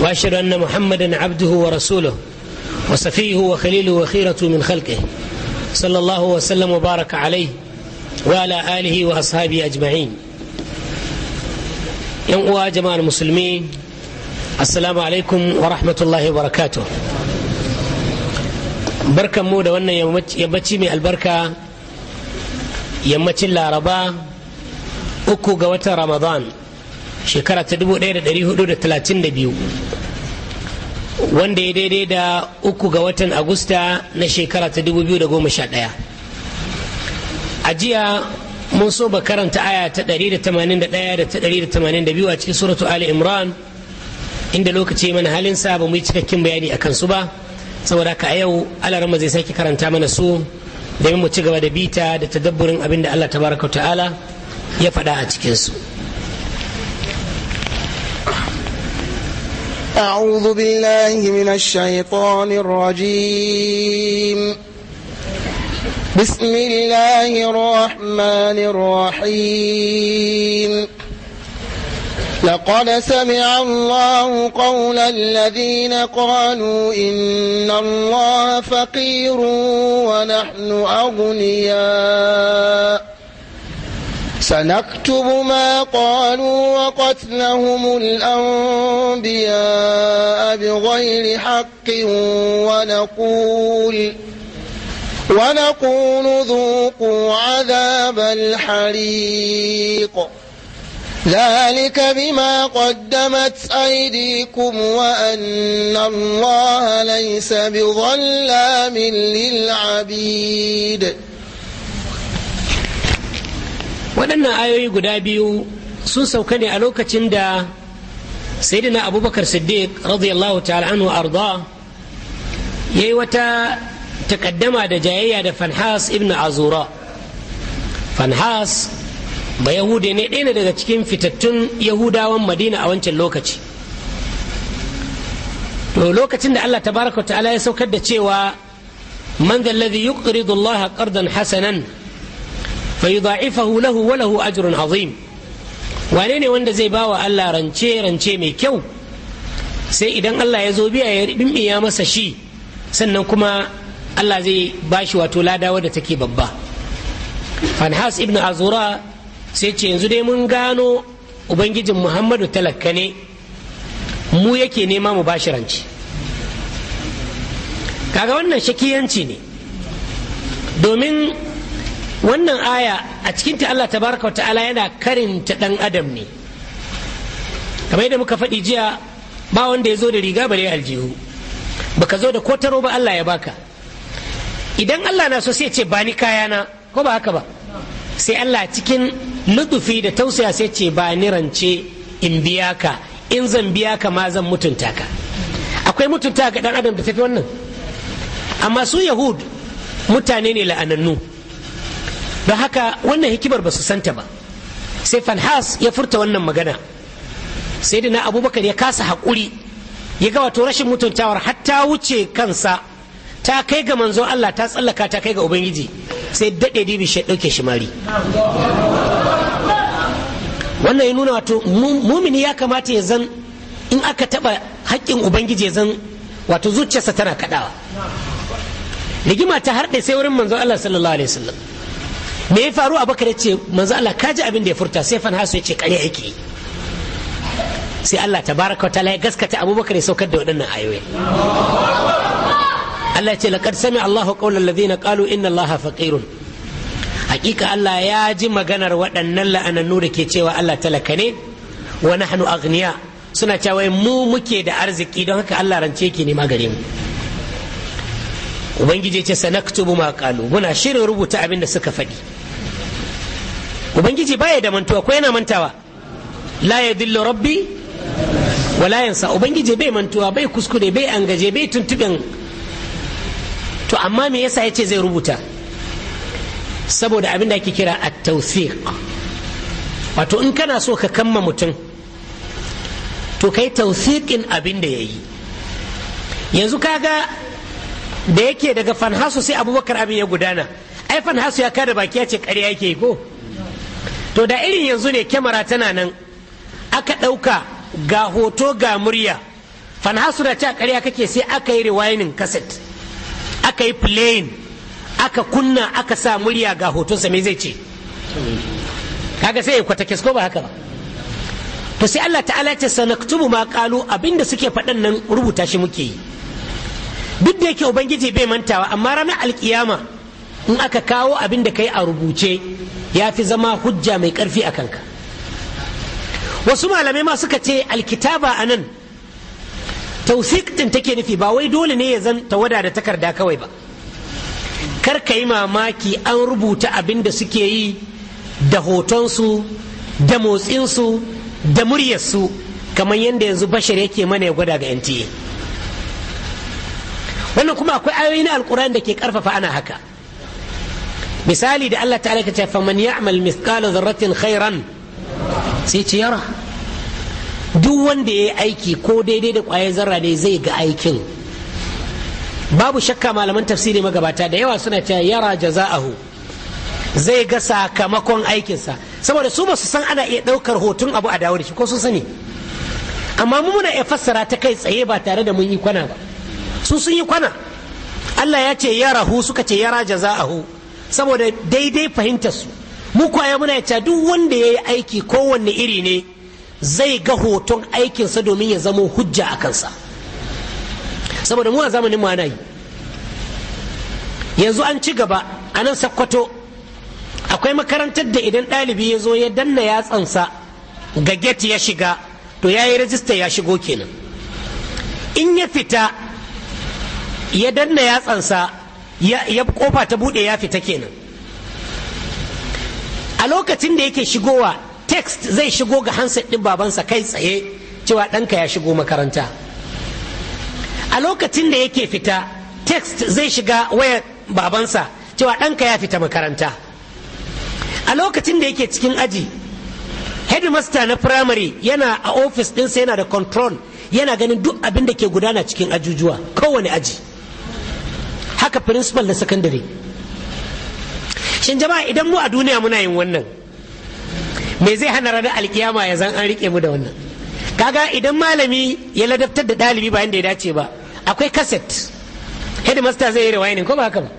واشهد ان محمدا عبده ورسوله وصفيه وخليله وخيرته من خلقه صلى الله وسلم وبارك عليه وعلى اله واصحابه اجمعين ينقوا جماعة المسلمين السلام عليكم ورحمة الله وبركاته بركة مودة وانا يمتي من البركة يمتي الله ربا اكو قوة رمضان shekara ta 1432 wanda ya daidai da uku ga watan agusta na shekara ta 2011 a jiya mun so ba karanta aya ta 181 da ta 182 a cikin suratu ali imran inda lokaci mana halinsa ba mu yi cikakken bayani a kansu ba saboda ka a yau alarama zai sake karanta mana su domin mu ci gaba da bita da tadabburin abin da allah tabaraka ta'ala ya faɗa a cikinsu أعوذ بالله من الشيطان الرجيم بسم الله الرحمن الرحيم لقد سمع الله قول الذين قالوا إن الله فقير ونحن أغنياء سنكتب ما قالوا وقتلهم الأنبياء بغير حق ونقول ونقول ذوقوا عذاب الحريق ذلك بما قدمت أيديكم وأن الله ليس بظلام للعبيد waɗannan ayoyi guda biyu sun sauka ne a lokacin da sayyidina abubakar siddiq radiyallahu ta'ala anhu arda ya yi wata takaddama da jayayya da fanhas ibn azura fanhas ba yahude ne ɗaya daga cikin fitattun yahudawan madina a wancan lokaci to lokacin da allah tabaraka ta'ala ya saukar da cewa man da ladhi yuqridu allaha qardan hasanan فيضاعفه له lahu أجر azim wane ne wanda zai bawa Allah rance rance mai kyau sai idan Allah ya zo biya ya ya masa shi sannan kuma Allah zai bashi wato ladawa da take babba Fanhas ibn Azura sai ce yanzu dai mun gano Ubangijin Muhammadu talakka ne mu yake nema mu bashi rance kaga wannan shakiyanci ne domin wannan aya a cikin ta Allah tabaraka wa ta'ala yana karinta ɗan adam ne kamar yadda muka faɗi jiya ba wanda ya zo da riga bare aljihu baka zo da kotaro ba Allah ya baka idan Allah na so sai ce ba ni kayana ko ba haka ba sai Allah cikin lutufi da tausaya sai ce ba ni rance in biya ka in zan biya ka ma zan mutunta ka akwai mutunta ga dan adam da tafi wannan amma su yahud mutane ne la'anannu da haka wannan hikimar ba su santa ba sai fanhas ya furta wannan magana sai na abubakar ya kasa haƙuri ya ga wato rashin mutuntawar hatta wuce kansa ta kai ga manzon Allah ta tsallaka ta kai ga ubangiji sai daɗe dibi shi ɗauke shi mari wannan ya nuna wato mumini ya kamata ya zan in aka taɓa haƙƙin ubangiji ya zan wato zuciyarsa tana kaɗawa rigima ta harɗe sai wurin manzon Allah sallallahu alaihi wasallam me ya faru abakar ya ce manzo Allah ka ji abin da ya furta sai fan hasu ya ce kare yake sai Allah tabaraka wa ta'ala ya gaskata abubakar ya saukar da waɗannan ayoyi Allah ya ce laqad sami'a Allahu qawla alladhina qalu inna Allaha faqirun hakika Allah ya ji maganar waɗannan la'anannu da ke cewa Allah talaka ne wa nahnu aghniya suna cewa mu muke da arziki don haka Allah rance yake ne magare mu ubangiji ce sanaktubu ma qalu muna shirin rubuta abin da suka faɗi ubangiji baya da mantuwa ko yana mantawa la ya yadillu rabbi wala yansa ubangiji bai mantuwa bai kuskure bai angaje bai tuntuben to amma me yasa yace zai rubuta saboda abin da ake kira at-tawthiq wato in kana so ka kamma mutum to kai tawthiqin abin da yayi yanzu kaga da yake daga fanhasu sai abubakar abin ya gudana ai fanhasu ya kada baki ya ce ƙarya yake ko to da irin yanzu ne kyamara tana nan aka ɗauka ga hoto ga murya fanhasu da ta ƙarya kake sai aka yi rewinding kaset aka yi playing aka kunna aka sa murya ga hotonsa mai zai ce kaga sai ya kwata ko ba haka ba to sai Allah ta'ala ce sanaktubu ma kalu abinda suke faɗan nan rubuta shi muke yi duk da yake ubangiji bai mantawa amma ranar alkiyama in aka kawo abin da kai a rubuce ya fi zama hujja mai ƙarfi a kanka wasu malamai ma suka ce alkitaba a nan tausik take nufi ba wai dole ne ya zan tawada da takarda kawai ba kar ka yi mamaki an rubuta abin da suke yi da hotonsu da motsinsu da muryarsu kamar yadda yanzu bashar yake mana ya gwada ga yanti wannan kuma akwai ayoyi na alkur'ani da ke karfafa ana haka misali da Allah ta'ala ka ce faman ya'mal mithqala dharratin khairan sai ci yara duk wanda ya yi aiki ko daidai da ƙwayar zarra ne zai ga aikin babu shakka malaman tafsiri magabata da yawa suna cewa yara jaza'ahu zai ga sakamakon aikinsa saboda su ba san ana iya ɗaukar hoton abu a dawo da shi ko sun sani amma mu muna iya fassara ta kai tsaye ba tare da mun yi kwana ba su sun yi kwana Allah ya ce yara hu suka ce yara jaza'ahu saboda daidai fahimtar su mu kwaya muna ya duk wanda ya yi aiki kowanne iri ne zai ga hoton aikinsa domin ya zama hujja a kansa saboda mu a zamanin ma yi yanzu an ci gaba a nan sakkwato akwai makarantar da idan ɗalibi ya zo ya danna yatsansa ga get ya shiga to ya yi rajista ya shigo kenan in ya fita ya danna yatsansa ya kofa ta bude ya fita kenan a lokacin da yake shigowa text zai shigo ga hansa ɗin babansa kai tsaye cewa ɗanka ya shigo makaranta a lokacin da yake fita text zai shiga wayar babansa cewa ɗanka ya fita makaranta a lokacin da yake cikin aji headmaster na primary yana a ofis ɗinsa yana da control yana ganin duk abin da ke gudana cikin ajujuwa kowane aji haka principal na secondary shin jama'a idan mu a duniya muna yin wannan me zai hana ranar alkiyama ya zan an rike mu da wannan kaga idan malami ya ladabtar da ɗalibi bayan da ya dace ba akwai kaset headmaster zai yi rewinding ko ba haka ba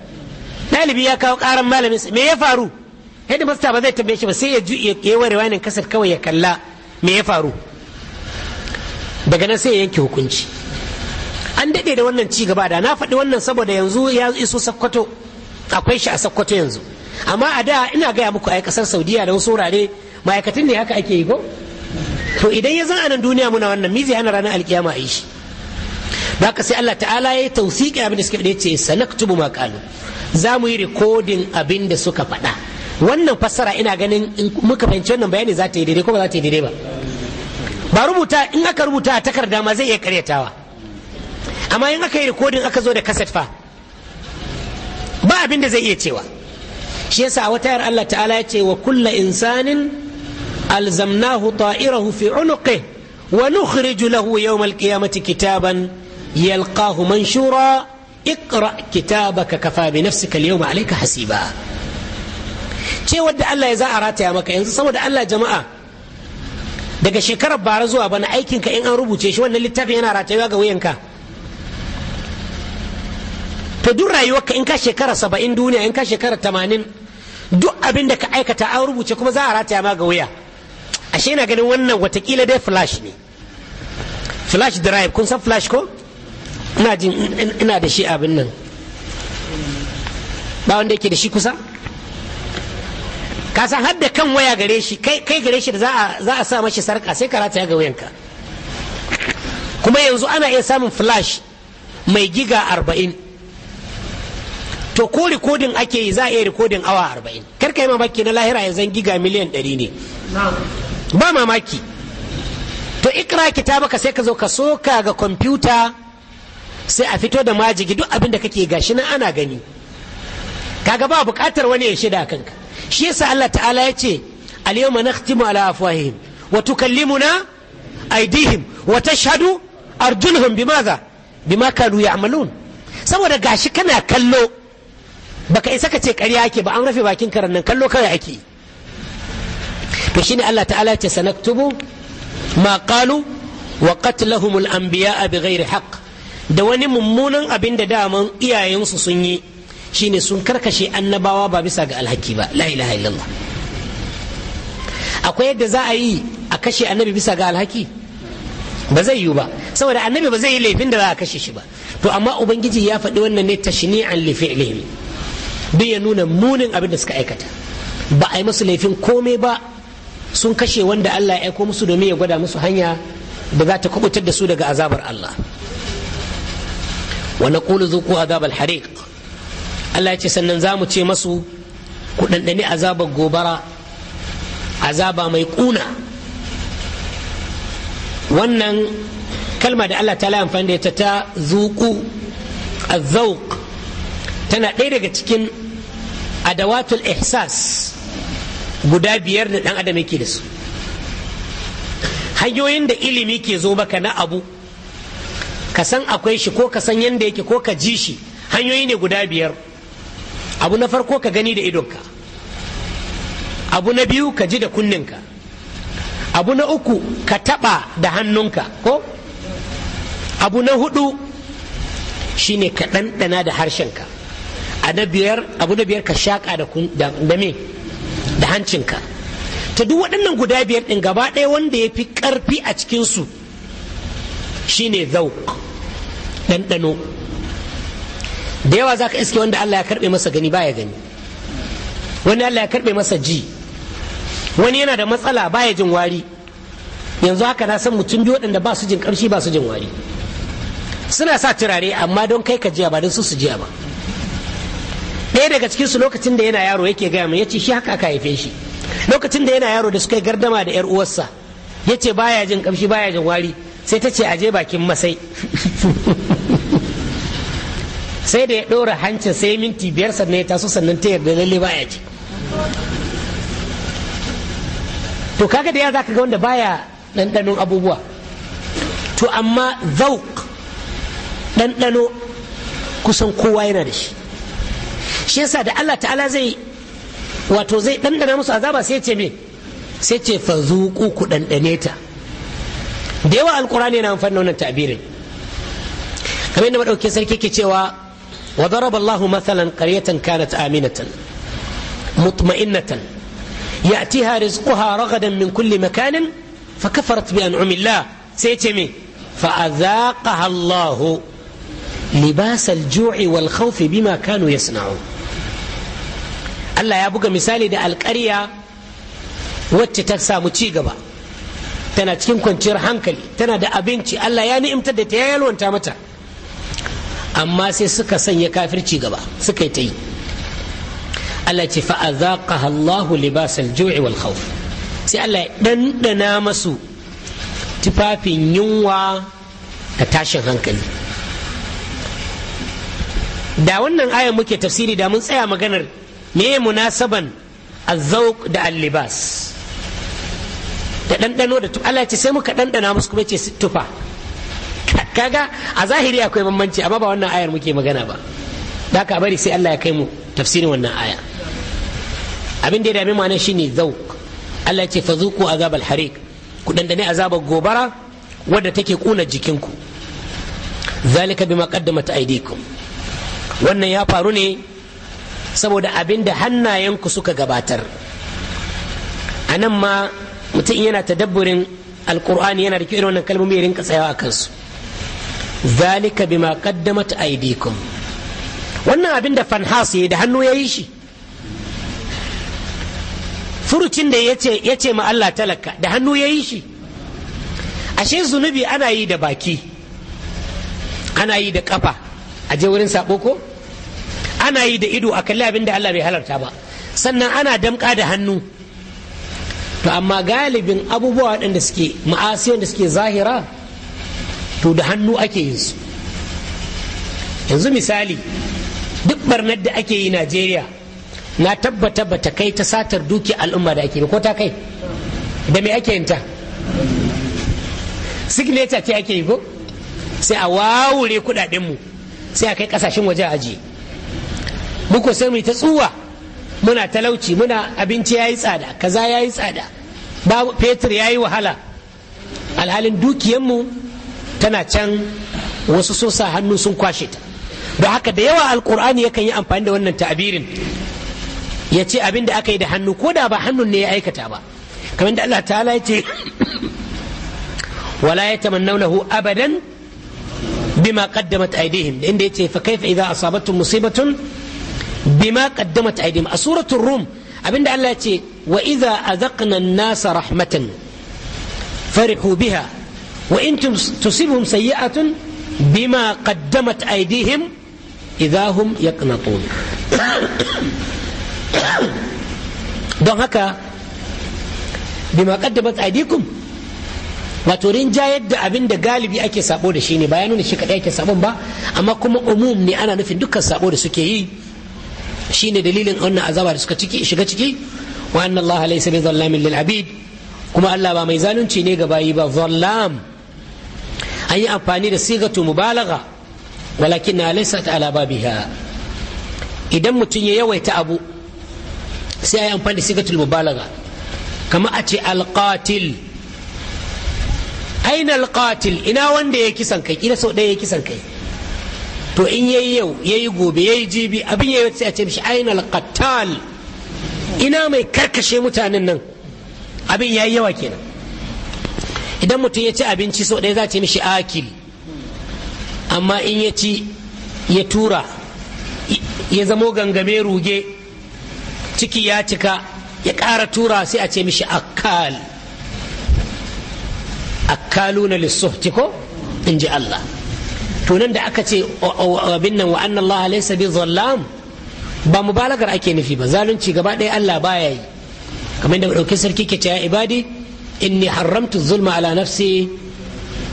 ɗalibi ya kawo ƙaran malamin me ya faru headmaster ba zai tambaye shi ba sai ya yi wa rewinding kaset kawai ya kalla me ya faru daga nan sai ya yanke hukunci an daɗe da wannan ci gaba da na faɗi wannan saboda yanzu ya iso sakkwato akwai shi a sakkwato yanzu amma a da ina gaya muku a ƙasar saudiya da wasu wurare ma'aikatan ne haka ake yi ko to idan ya zan anan duniya muna wannan zai hana ranar alkiyama a yi shi da haka sai Allah ta'ala ya yi tausiki abin da suka faɗe ce sanaktubu ma qalu za mu yi rikodin abin da suka faɗa wannan fassara ina ganin in muka fahimci wannan bayani za ta yi daidai ko ba za ta yi daidai ba ba rubuta in aka rubuta a takarda ma zai iya karyatawa amma in aka yi rikodin aka zo da kaset fa ba abin da zai iya cewa shi yasa a wata yar Allah ta'ala ya ce wa kulla insanin alzamnahu ta'irahu fi unuqi wa nukhriju lahu yawm alqiyamati kitaban yalqahu manshura اقرأ كتابك كفى بنفسك اليوم عليك hasiba. ce wadda Allah ya za a rataya maka yanzu saboda Allah jama'a daga shekarar bara zuwa bana aikinka in an rubuce shi wannan littafin yana ratayewa ga wuyanka to duk rayuwarka in ka shekara saba'in duniya in ka shekara tamanin duk abin da ka aikata an rubuce kuma za a rataya ma ga wuya ashe ina ganin wannan watakila dai flash ne flash drive kun san flash ko ina jin ina da shi abin nan ba wanda yake da shi kusa ka san har da kan waya gare shi kai gare shi da za a sa mashi sarka sai ka rataya ga wuyanka kuma yanzu ana iya samun flash mai giga arba'in to ko rikodin ake yi za a iya rikodin awa arba'in kar ka yi mamaki na lahira yanzu giga miliyan ɗari ne ba mamaki to ikra ka sai ka zo ka soka ga kwamfuta sai a fito da majigi duk abin da kake gashi na ana gani kaga ba bukatar wani ya shida kanka shi yasa Allah ta'ala ya ce al-yawma nakhtimu ala afwahihim wa tukallimuna aydihim wa tashhadu arjuluhum bimadha bima kanu ya'malun saboda gashi kana kallo baka isa ka ce ƙarya ake ba an rufe bakin karen nan kallo kawai ake to shine Allah ta'ala ce sanaktubu ma qalu wa qatlahum al-anbiya bighairi haqq da wani mummunan abin da daman iyayensu sun yi shine sun karkashe annabawa ba bisa ga alhaki ba la ilaha illallah akwai yadda za a yi a kashe annabi bisa ga alhaki ba zai yiwu ba saboda annabi ba zai yi laifin da za a kashe shi ba to amma ubangiji ya faɗi wannan ne tashni'an li fi'lihi duk ya nuna munin abin da suka aikata ba a yi masu laifin komai ba sun kashe wanda Allah ya aiko musu domin ya gwada musu hanya da za ta kubutar da su daga azabar Allah wa naqulu zuqu azab al-hariq Allah ya ce sannan za mu ce masu ku dandani azabar gobara azaba mai kuna wannan kalma da Allah ta la amfani da ita ta zuqu Azauk, tana ɗaya daga cikin adawatul ihsas guda biyar da dan adam yake da su hanyoyin da ilimi ke zo maka na abu ka san akwai shi ko ka san yadda yake ko ka ji shi hanyoyi ne guda biyar abu na farko ka gani da idonka abu na biyu ka ji da kunninka abu na uku ka taɓa da hannunka ko abu na hudu shine ka ɗanɗana da harshenka a na biyar abu na biyar ka shaƙa da da me da hancinka ta duk waɗannan guda biyar ɗin gaba ɗaya wanda ya fi ƙarfi a cikinsu shine zauk ɗanɗano da yawa za ka iske wanda Allah ya karɓe masa gani baya gani wani Allah ya karɓe masa ji wani yana da matsala baya jin wari yanzu haka na san mutum biyu waɗanda ba su jin ƙarshi ba su jin wari suna sa turare amma don kai ka jiya ba don su su jiya ba ɗaya daga cikin lokacin da yana yaro yake gaya mu yace shi haka aka haife shi lokacin da yana yaro da suka yi gardama da yar uwarsa yace baya jin kamshi baya jin wari sai ta ce aje bakin masai sai da ya ɗora hancin sai minti biyar sannan ya taso sannan ta yarda lalle baya ji to kaga da ya zaka ga wanda baya ɗanɗanon abubuwa to amma zauk ɗanɗano kusan kowa yana da shi shi yasa da Allah ta'ala zai wato zai dandana musu azaba sai ce me sai ce fa zuku ku dandane ta da yawa alkurani yana amfani wannan ta'birin kamar yadda maɗauki sarki ke cewa wa daraba Allahu mathalan qaryatan kanat aminatan mutma'innatan ya'tiha rizquha ragadan min kulli makanin فكفرت بأنعم الله سيتمي فأذاقها الله ju'i wal والخوف بما ya يصنعون Allah ya buga misali da alƙarya wacce ta samu ci gaba tana cikin kwanciyar hankali tana da abinci Allah ya ni'imtar da ta ya yalwanta mata amma sai suka sanya kafirci gaba suka yi ta yi Allah ce fa'azaqaha Allahu libasal ju'i wal khawf sai Allah ya dandana masu tufafin yunwa da tashin hankali da wannan ayan muke tafsiri da mun tsaya maganar me munasaban azzauk da allibas da ɗanɗano da tufa Allah ce sai muka ɗanɗana musu kuma ce tufa kaga a zahiri akwai bambanci amma ba wannan ayar muke magana ba da ka bari sai Allah ya kai mu tafsirin wannan aya abin da ya dame shi ne zauk Allah ce fa zuku azab al-harik ku dandane azabar gobara wadda take kuna jikinku zalika bima qaddamat aydikum wannan ya faru ne saboda abin da hannayenku suka gabatar a nan ma mutum yana ta tadabburin alkur'ani yana da kyau irin wannan kalmomi ya rinka tsayawa a kansu zalika bima qaddamat aydikum wannan abin da fanhas yayi da hannu yayi shi furucin da yace yace ma Allah talaka da hannu yayi shi ashe zunubi ana yi da baki ana yi da kafa Aje wurin sabo ko ana yi da ido a kalli abin da Allah bai halarta ba sannan ana damƙa da hannu to amma galibin abubuwa waɗanda suke ma'asiyon da suke zahira to da hannu ake yin su yanzu misali duk barnar da ake yi najeriya na tabbata bata kai ta satar duki al'umma da ake ko ta kai da me ake yin ta signature ce ake yi ko sai a wawure mu sai a kai kasashen waje ajiye muku sai mu ta tsuwa muna talauci muna abinci yayi tsada kaza yi tsada babu fetur yayi wahala alhalin dukiyanmu tana can wasu sun sa hannu sun kwashe ta da haka da yawa alkur'ani yakan yi amfani da wannan ta'abirin ya ce abin da aka yi da hannu ko da ba hannun ne ya aikata ba kamar da Allah ta'ala ya ce wala ya tamannawnahu abadan bima qaddamat da inda yace fa kaifa idza asabatkum musibatun bima qaddamat aydihim a suratul rum abinda Allah ya ce wa idza azaqna an-nasa rahmatan farihu biha wa in tusibhum sayyi'atun bima qaddamat aydihim idza hum yaqnatun don haka bima qaddamat aydikum wato rinjayar da abin da galibi ake sabo da shi ne ba ya nuna shi kadai ake sabon ba amma kuma umum ne ana nufin dukkan sabo da suke yi shine dalilin wannan azaba da suka ciki shiga ciki wa anna Allah laysa bi zallamin lil abid kuma Allah ba mai zalunci ne ga bayi ba zallam an yi amfani da sigatu mubalagha walakin na laysa ala babiha idan mutum ya yawaita abu sai ayi amfani da sigatul mubalagha kama a ce alqatil aina alqatil ina wanda ya kisan kai Ina sau ɗaya ya kisan kai to in yayi yau yayi gobe yayi jibi abin yayi sai a ce mishi ainal qattal ina mai karkashe mutanen nan abin yayi yawa kenan idan mutum ya ci abinci sau ɗaya za ce mishi akil amma in ya ci ya tura ya zamo gangame ruge ciki ya cika ya ƙara tura sai a ce mishi akal akaluna lissuhti ko in ji Allah to nan da aka ce abin nan wa Allah laysa bi zallam ba mubalagar ake nufi ba zalunci gaba ɗaya Allah baya yi kamar da ɗauki sarki ke cewa ibadi inni haramtu zulma ala nafsi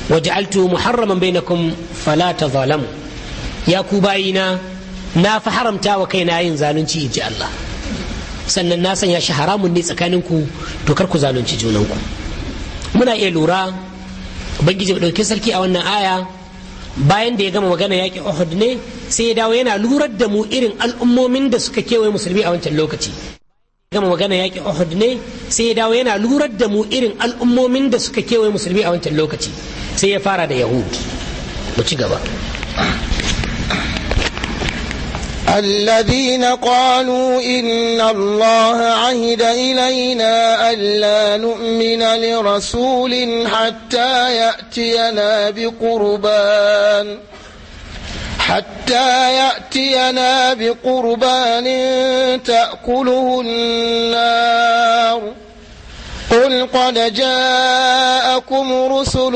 wa ja'altu muharraman bainakum fala tazalamu ya ku bayina na fi haramta wa kaina yin zalunci in ji Allah sannan na sanya shi haramun ne tsakanin ku to kar ku zalunci junanku muna iya lura ubangiji ɗauki sarki a wannan aya bayan da ya gama magana yaƙin Uhud ne sai ya dawo yana lurar da mu irin al'ummomin da suka kewaye musulmi a wancan lokaci gama magana yaƙin Uhud ne sai ya dawo yana lurar da mu irin al'ummomin da suka kewaye musulmi a wancan lokaci sai ya fara da Yahud mu ci gaba الذين قالوا إن الله عهد إلينا ألا نؤمن لرسول حتى يأتينا بقربان حتى يأتينا بقربان تأكله النار قل قد جاءكم رسل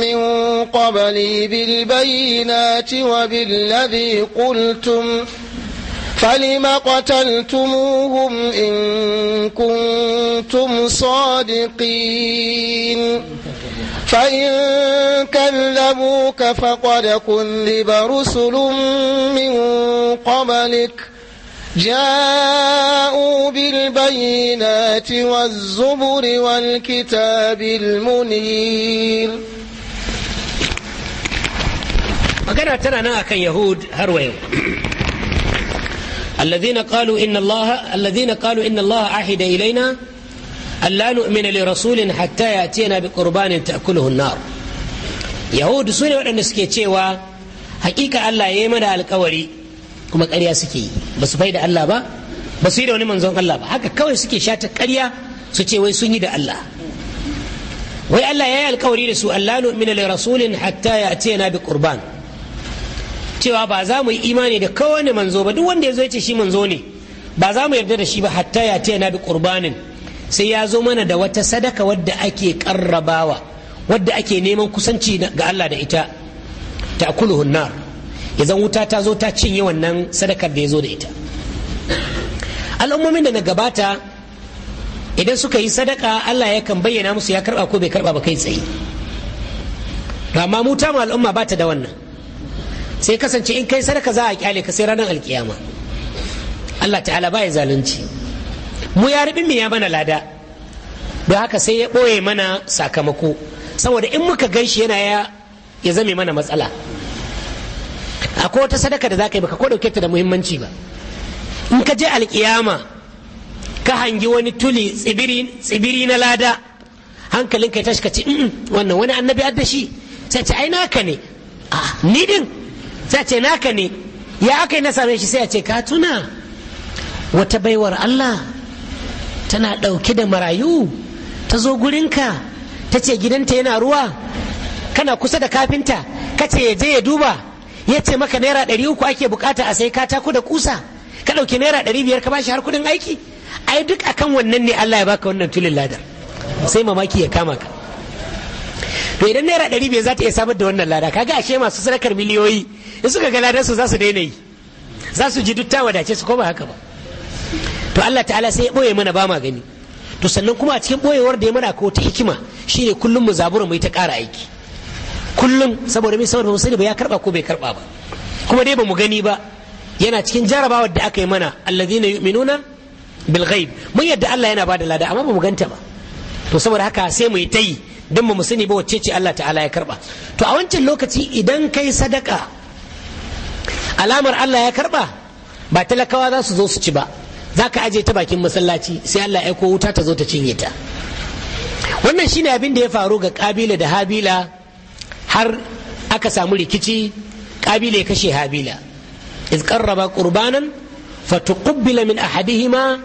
من قبلي بالبينات وبالذي قلتم فلم قتلتموهم إن كنتم صادقين فإن كذبوك فقد كذب رسل من قبلك جاءوا بالبينات والزبر والكتاب المنير magana tana nan akan yahud har wa yau الذين قالوا إن الله الذين قالوا إن الله عهد إلينا ألا نؤمن لرسول حتى يأتينا بقربان تأكله النار يهود سنة وأن سكيتشيوا حقيقة الله يمنع الكوري كما قريا سكي بس فايدة الله با بس يدعون من زون الله با هكا كوي سكي شاتك قريا سكي ويسوني دا الله وي الله يا الكوري لسو ألا نؤمن لرسول حتى يأتينا بقربان cewa ba za mu yi imani da kowane manzo ba duk wanda ya zo ya ce shi manzo ne ba za mu yarda da shi ba hatta ya ce yana bi kurbanin sai ya zo mana da wata sadaka wadda ake karrabawa wadda ake neman kusanci ga Allah da ita ta kuluhun nar idan wuta ta zo ta cinye wannan sadakar da ya zo da ita al'ummomin da na gabata idan suka yi sadaka Allah yakan bayyana musu ya karba ko bai karba ba kai tsaye amma mu al'umma ba ta da wannan sai kasance in kai sadaka za a kyale ka sai ranar alkiyama Allah ta'ala ba ya zalunci mu ya rubin mu ya mana lada don haka sai ya ɓoye mana sakamako saboda in muka gan shi yana ya ya zame mana matsala akwai wata sadaka da za ka yi baka ko dauke ta da muhimmanci ba in ka je alkiyama ka hangi wani tuli tsibiri na lada hankalinka ya tashi ka ce wannan wani annabi adda shi sai ce ai naka ne ni din sai ce naka ne ya aka yi na same shi sai a ce ka tuna wata baiwar Allah tana dauke da marayu ta zo gurinka ta ce gidanta yana ruwa kana kusa da kafinta ka ce ya je ya duba ya ce maka naira ɗari uku ake bukata a sai katako da kusa ka ɗauki naira ɗari biyar ka bashi har kuɗin aiki ai duk akan wannan ne Allah ya baka wannan tulin ladar sai mamaki ya kama ka to idan naira ɗari biyar za ta iya samar da wannan lada kaga ashe masu sadakar miliyoyi in suka ga ladansu za su daina yi za su ji duk ta wadace su ko ba haka ba to Allah ta'ala sai ya boye mana ba ma gani to sannan kuma a cikin boyewar da ya mana ko ta hikima shine kullum mu zabura mu ta ƙara aiki kullum saboda mai saboda sani ba ya karba ko bai karba ba kuma dai ba mu gani ba yana cikin jarabawar da aka yi mana alladhina yu'minuna bil ghaib mun yadda Allah yana bada lada amma ba mu ganta ba to saboda haka sai mu yi tayi don ba mu sani ba wacce ce Allah ta'ala ya karba to a wancan lokaci idan kai sadaka alamar Allah ya karba ba talakawa za su zo su ci ba za ka aje ta bakin masallaci sai Allah ya ko wuta ta zo ta cinye ta wannan shine abin da ya faru ga kabila da habila har aka samu rikici kabila ya kashe habila iz qarraba qurbanan fatuqbila min ahadihima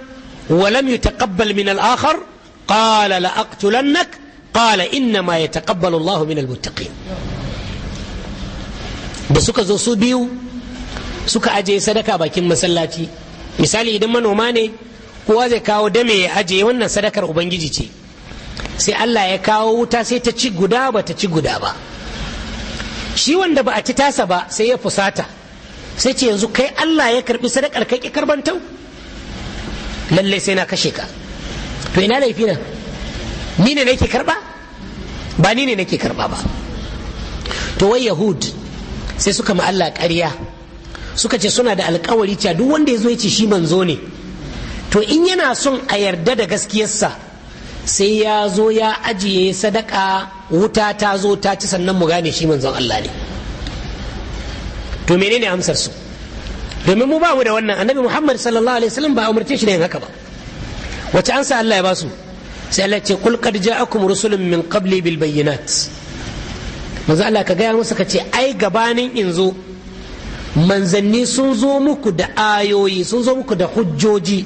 wa lam yutaqabbal min al-akhar qala la aqtulannak qala inna ma yataqabbalu allah min al-muttaqin da suka zo su biyu suka aje sadaka bakin masallaci misali idan manoma ne kowa zai kawo dame ya aje wannan sadakar ubangiji ce sai Allah ya kawo wuta sai ta ci guda ba ta ci guda ba shi wanda ba a ci tasa ba sai ya fusata sai ce yanzu kai Allah ya karbi sadakar kai ki tau? lalle sai na kashe ka to ina laifi na ni ne nake karba ba ni ne nake karba ba to wai yahud sai suka ma Allah ƙarya suka ce suna da alkawari cewa duk wanda ya zo ya ce shi manzo ne to in yana son a yarda da gaskiyarsa sai ya zo ya ajiye sadaka wuta ta zo ta ci sannan mu gane shi manzon Allah ne to menene amsar su domin mu ba mu da wannan annabi Muhammad sallallahu alaihi wasallam ba umarce shi da yin haka ba wace ansa Allah ya ba su sai Allah ce kul qad ja'akum rusulun min qabli bil bayyinat manzo Allah ka gaya musu ka ce ai gabanin in zo manzanni sun zo muku da ayoyi sun zo muku da hujjoji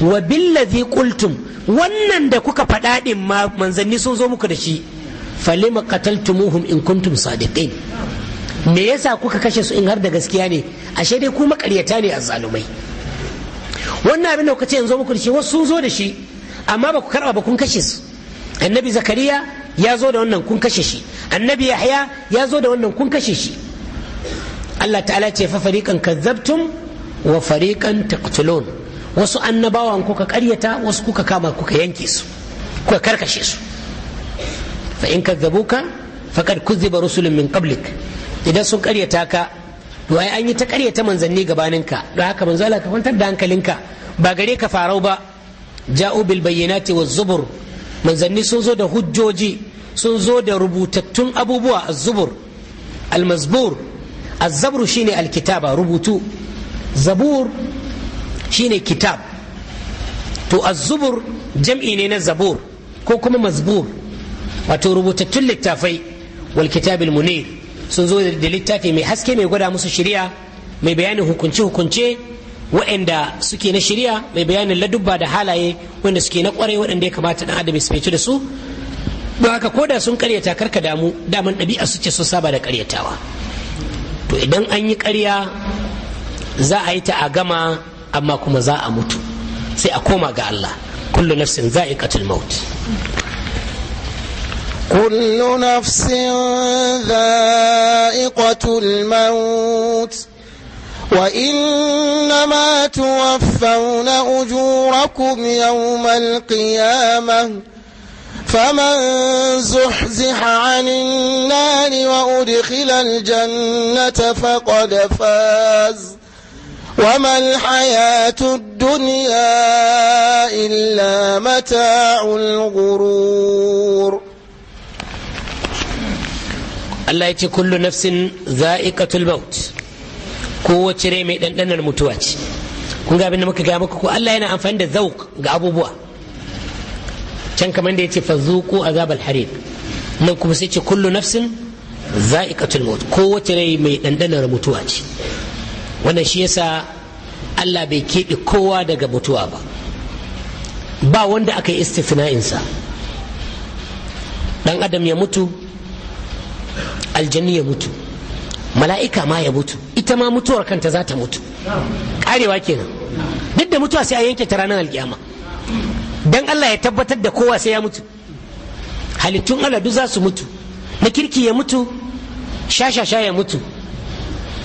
wa billazi qultum wannan da kuka faɗa ɗin ma manzanni sun zo muku da shi falima qataltumuhum in kuntum sadiqin me yasa kuka kashe su in har da gaskiya ne ashe dai ku makaryata ne azzalumai wannan abin da kuka ce yanzu muku da shi wasu sun zo da shi amma ba ku karba ba kun kashe su annabi zakariya ya zo da wannan kun kashe shi annabi yahya ya zo da wannan kun kashe shi Allah ta'ala ce fa fariƙan kazzabtum wa fariqan taqtulun wasu annabawan kuka karyata wasu kuka kama kuka yanke su kuka karkashe su fa in kazzabuka faqad kuzziba rusulun min qablik idan sun karyata ka to ai an yi ta karyata manzanni ka don haka manzo Allah ka kwantar da hankalinka ba gare ka farau ba ja'u bil bayyinati waz zubur manzanni sun zo da hujjoji sun zo da rubutattun abubuwa az zubur al mazbur azzabru shine alkitaba rubutu zabur shine kitab to azubur jam'i ne na zabur ko kuma mazbur wato rubutattun littafai wal kitabil sun zo da littafi mai haske mai gwada musu shari'a mai bayanin hukunce hukunce waɗanda suke na shari'a mai bayanin ladubba da halaye wanda suke na kwarai waɗanda ya kamata dan adam ya da su don haka da sun karyata kar ka damu daman ɗabi'a su ce sun saba da karyatawa to idan an yi karya za a yi ta a gama amma kuma za a mutu sai a koma ga Allah kullu nafsin za'iqatul maut kullu nafsin za'iqatul maut وإنما توفون أجوركم يوم القيامة فمن زحزح عن النار وأدخل الجنة فقد فاز وما الحياة الدنيا إلا متاع الغرور Allah ya ce kullu nafsin za'iqatul maut kowace rai mai ɗanɗanar mutuwa ce kun abin da muka ga muku ko Allah yana amfani da zauk ga abubuwa can kamar da yace fazuqu azabal harir nan kuma sai ce kullu nafsin za'iqatul maut kowace rai mai dandanar mutuwa ce wannan shi yasa Allah bai keɓe kowa daga mutuwa ba ba wanda aka yi sa dan adam ya mutu aljanni ya mutu mala'ika ma ya mutu ita ma mutuwar kanta za ta mutu karewa kenan duk da mutuwa sai a yanke ta ranar alkiyama dan Allah ya tabbatar da kowa sai ya mutu halittun aladu za su mutu na kirki ya mutu shashasha ya mutu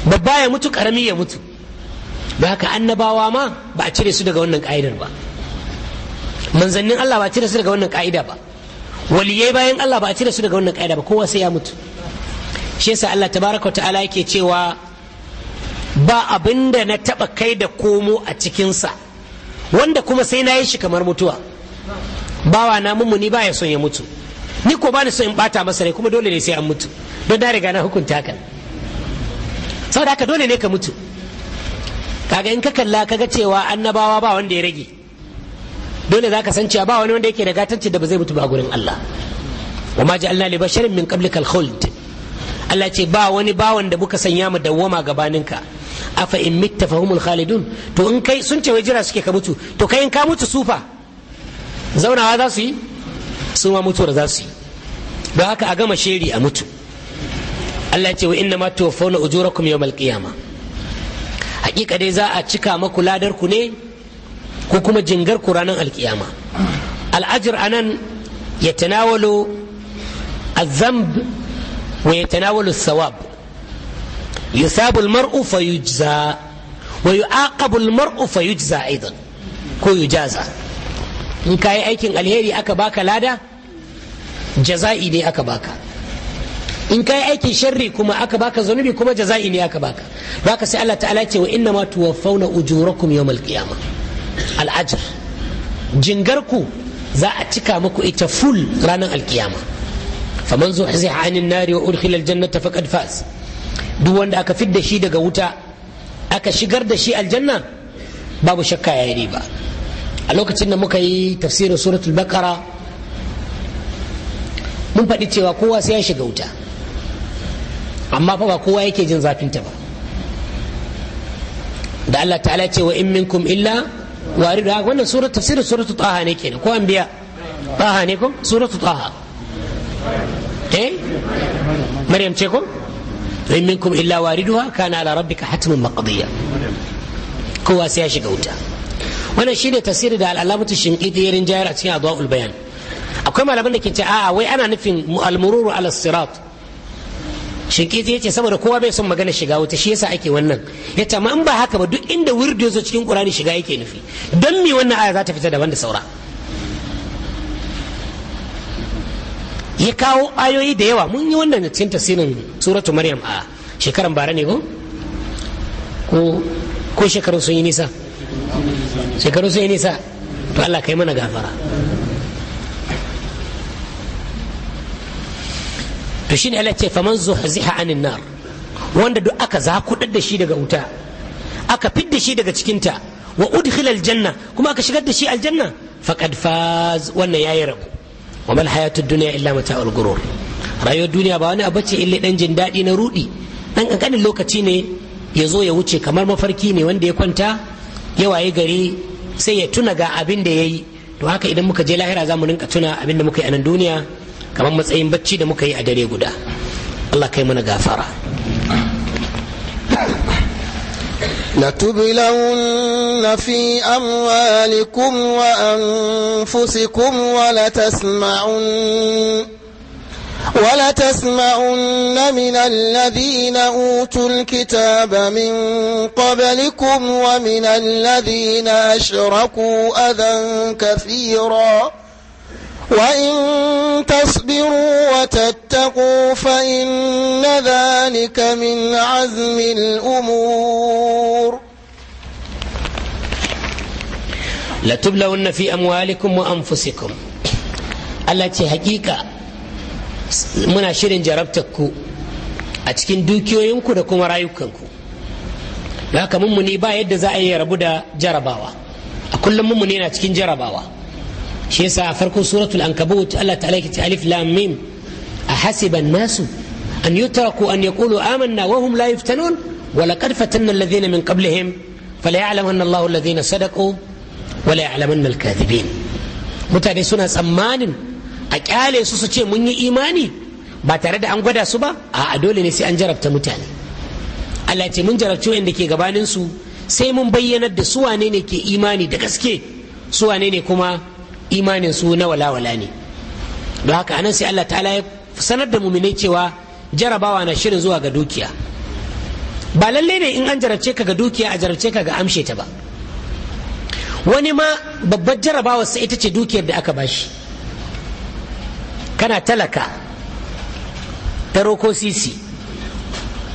babba ya mutu karami ya mutu da haka annabawa ma ba a cire su daga wannan ka'idar ba manzannin Allah ba a cire su daga wannan ka'ida ba waliyai bayan Allah ba a cire su daga wannan ka'ida ba kowa sai ya mutu shi yasa Allah tabaraka ta'ala yake cewa ba abin da na taba kai da komo a cikinsa wanda kuma sai na yi shi kamar mutuwa bawa na ni baya son ya mutu ni ko bani son in bata masa rai kuma dole ne sai an mutu don na riga na hukunta kan saboda haka dole ne ka mutu kaga in ka kalla kaga cewa annabawa ba wanda ya rage dole za san cewa ba wani wanda yake da gatancin da ba zai mutu ba gurin Allah wa ma ja'alna li basharin min qablika al-khuld Allah ce ba wani bawan da muka sanya mu dawwama gabaninka afa in mitta fahumul khalidun to in kai sun ce wai jira suke ka mutu to kai in ka mutu sufa zaunawa za su yi su ma mutuwar za su yi don haka a gama sheri a mutu Allah ce wa inna ma tuwaffawna ujurakum yawmal qiyama hakika dai za a cika maku ladar ku ne ko kuma jingar ku ranar alkiyama al'ajir nan ya tanawalo azamb wa ya tanawalo sawab yusabu almar'u fa yujza wa yu'aqabu almar'u fa yujza aidan ko yujaza in ka yi aikin alheri aka baka lada jaza'i ne aka baka in ka yi aikin sharri kuma aka baka zanubi kuma jaza'i ne aka baka ka sai Allah ta'ala ce wa inna ma tuwaffawna ujurakum yawmal qiyamah al ajr ku za a cika muku ita full ranar alkiyama faman zuhziha anin nari wa udkhila aljannata faqad faz duk wanda aka fidda shi daga wuta aka shigar da shi aljanna babu shakka yi riba a lokacin da muka yi tafsirin suratul bakara mun faɗi cewa kowa sai ya shiga wuta amma fa ba kowa yake jin zafinta ba da Allah ta'ala ce wa in minkum illa warida wannan surat tafsirin suratul taha ne kenan ko an biya taha ne ko suratul taha eh maryam ce ko in minkum illa wariduha kana ala rabbika hatmun maqdiya kowa sai ya shiga wuta wannan shine tasiri da al'alamatu shinqiti yarin jayar a cikin adwaul bayan akwai malaman da ke ce a'a wai ana nufin al-mururu ala sirat shinqiti yace saboda kowa bai son magana shiga wuta shi yasa ake wannan yace ma in ba haka ba duk inda wurdi zo cikin qur'ani shiga yake nufi dan me wannan aya za ta fita daban da saura ya kawo ayoyi da yawa mun yi wannan cikin tasirin suratu maryam a shekaran bara ne ko ko shekarun sun yi nisa shekaru sai nisa to Allah kai mana gafara to shi ne Allah ce faman zuhziha anin nar wanda duk aka zakudar da shi daga wuta aka fidda shi daga cikinta wa udkhila aljanna kuma aka shigar da shi aljanna faqad faz wannan yayi rabu wa mal hayatud dunya illa mata'ul ghurur rayuwar duniya ba wani abu ce illa dan jin daɗi na rudi dan kankanin lokaci ne ya zo ya wuce kamar mafarki ne wanda ya kwanta ya waye gari sai ya tuna ga abin da ya yi to haka idan muka je lahira za mu rinka tuna abin da muka yi a nan duniya kamar matsayin bacci da muka yi a dare guda Allah kai mana gafara لتبلون في أموالكم وأنفسكم ولتسمعن ولتسمعن من الذين أوتوا الكتاب من قبلكم ومن الذين أشركوا أذى كثيرا وإن تصبروا وتتقوا فإن ذلك من عزم الأمور لتبلون في أموالكم وأنفسكم التي حقيقة muna shirin jarabtakku a cikin dukiyoyinku da kuma rayukanku da haka mummuni ba yadda za a yi rabu da jarabawa a kullum mummuni yana cikin jarabawa shi yasa a farkon suratul ankabut Allah ta'ala ke alif lam mim a hasiban nasu an yutraku an yaqulu amanna wa hum la yuftanun wa laqad fatanna alladhina min qablihim falya'lamanna Allahu alladhina sadaqu wa la ya'lamanna al-kadhibin mutane suna tsammanin a kyale su su ce mun yi imani ba tare da an gwada su ba a dole ne sai an jarabta mutane Allah ce mun jarabci wanda ke gabanin su sai mun bayyanar da su wane ne ke imani da gaske su wane ne kuma imanin su na walawala ne don haka anan sai Allah ta'ala ya sanar da muminai cewa jarabawa na shirin zuwa ga dukiya ba lallai ne in an jarabce ka ga dukiya a jarabce ka ga amshe ta ba wani ma babbar sai ita ce dukiyar da aka bashi kana talaka taro ko sisi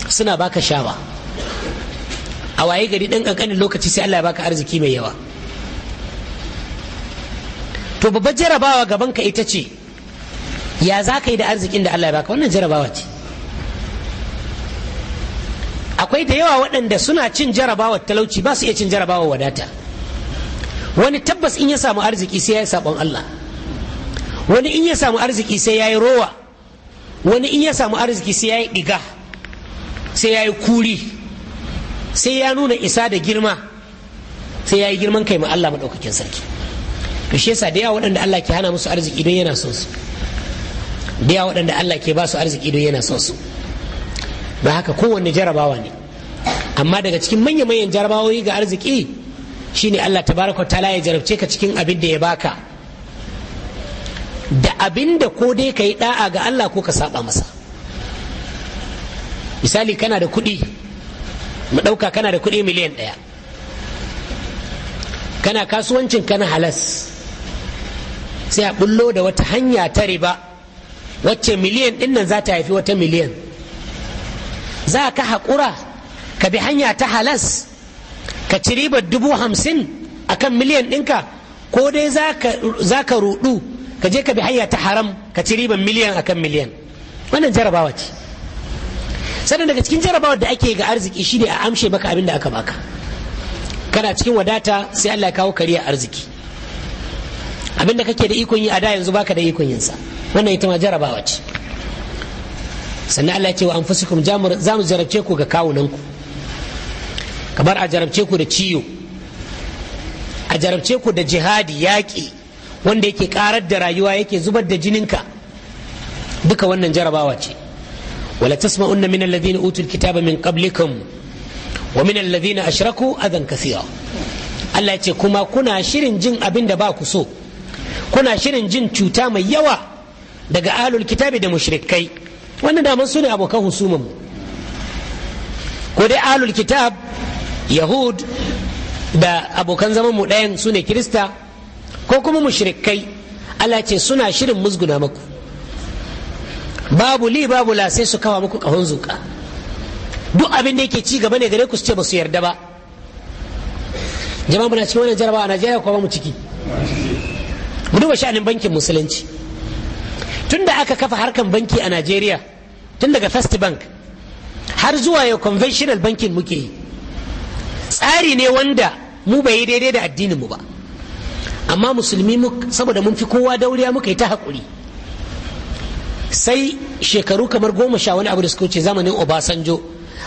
suna baka shawa a waye gari ɗan ƙanƙanin lokaci sai Allah ya baka arziki mai yawa to babbar jarabawa gaban ka ita ce ya za ka yi da arzikin da Allah ya baka wannan jarabawa ce akwai da yawa waɗanda suna cin jarabawa talauci ba su iya cin jarabawa wadata wani tabbas in ya samu arziki sai ya yi sabon Allah wani in ya samu arziki sai ya yi rowa wani in ya samu arziki sai ya yi ɗiga sai ya yi kuri sai ya nuna isa da girma sai ya yi girman kai ma Allah maɗaukakin sarki to shi yasa da yawa waɗanda Allah ke hana musu arziki don yana son su da yawa waɗanda Allah ke ba su arziki don yana son su ba haka kowanne jarabawa ne amma daga cikin manya-manyan jarabawoyi ga arziki shi ne Allah tabaraka ta ya jarabce ka cikin abin da ya baka da abinda ko dai ka yi da'a ga Allah ko ka saba masa misali kana da kuɗi mu ɗauka kana da kuɗi miliyan ɗaya kana kasuwancin kana halas sai a bullo da wata hanya ta riba wacce miliyan ɗin nan za ta haifi wata miliyan za ka haƙura ka bi hanya ta halas ka ci ribar dubu hamsin a kan miliyan ɗinka ko dai za ka ruɗu ka je ka bi hanya ta haram ka ci riban miliyan akan miliyan wannan jarabawa ce sannan daga cikin jarabawar da ake ga arziki shine a amshe maka abin da aka baka kana cikin wadata sai Allah ya kawo kariya arziki abin da kake da ikon yi a da yanzu baka da ikon yinsa wannan ita ma jarabawa ce sannan Allah ya ce wa anfusikum za mu jarabce ku ga kawunanku kamar a jarabce ku da ciwo a jarabce ku da jihadi yaƙi wanda yake karar da rayuwa yake zubar da jininka duka wannan jarabawa ce wala tasma'unna min alladhina utul kitaba min qablikum wa min alladhina ashraku adan kathira Allah ce kuma kuna shirin jin abin da ba ku so kuna shirin jin cuta mai yawa daga ahlul kitabi da mushrikai wannan daman su ne abokan husuman ko dai ahlul kitab yahud da abokan zaman mu ɗayan su ne kirista ko kuma mushrikai Allah ce suna shirin musguna maku babu li babu la sai su kawa muku kahon zuka duk abin da yake ci gaba ne gare ku su ce ba su yarda ba jama'a muna cikin wannan jarabawa a Najeriya ko mu ciki mu duba sha'anin bankin musulunci tun da aka kafa harkan banki a Najeriya tun daga First Bank har zuwa yau conventional banking muke yi tsari ne wanda mu bai yi daidai da addinin mu ba amma musulmi saboda mun fi kowa dauriya muka yi ta haƙuri sai shekaru kamar goma sha wani abu da suka wuce zamanin obasanjo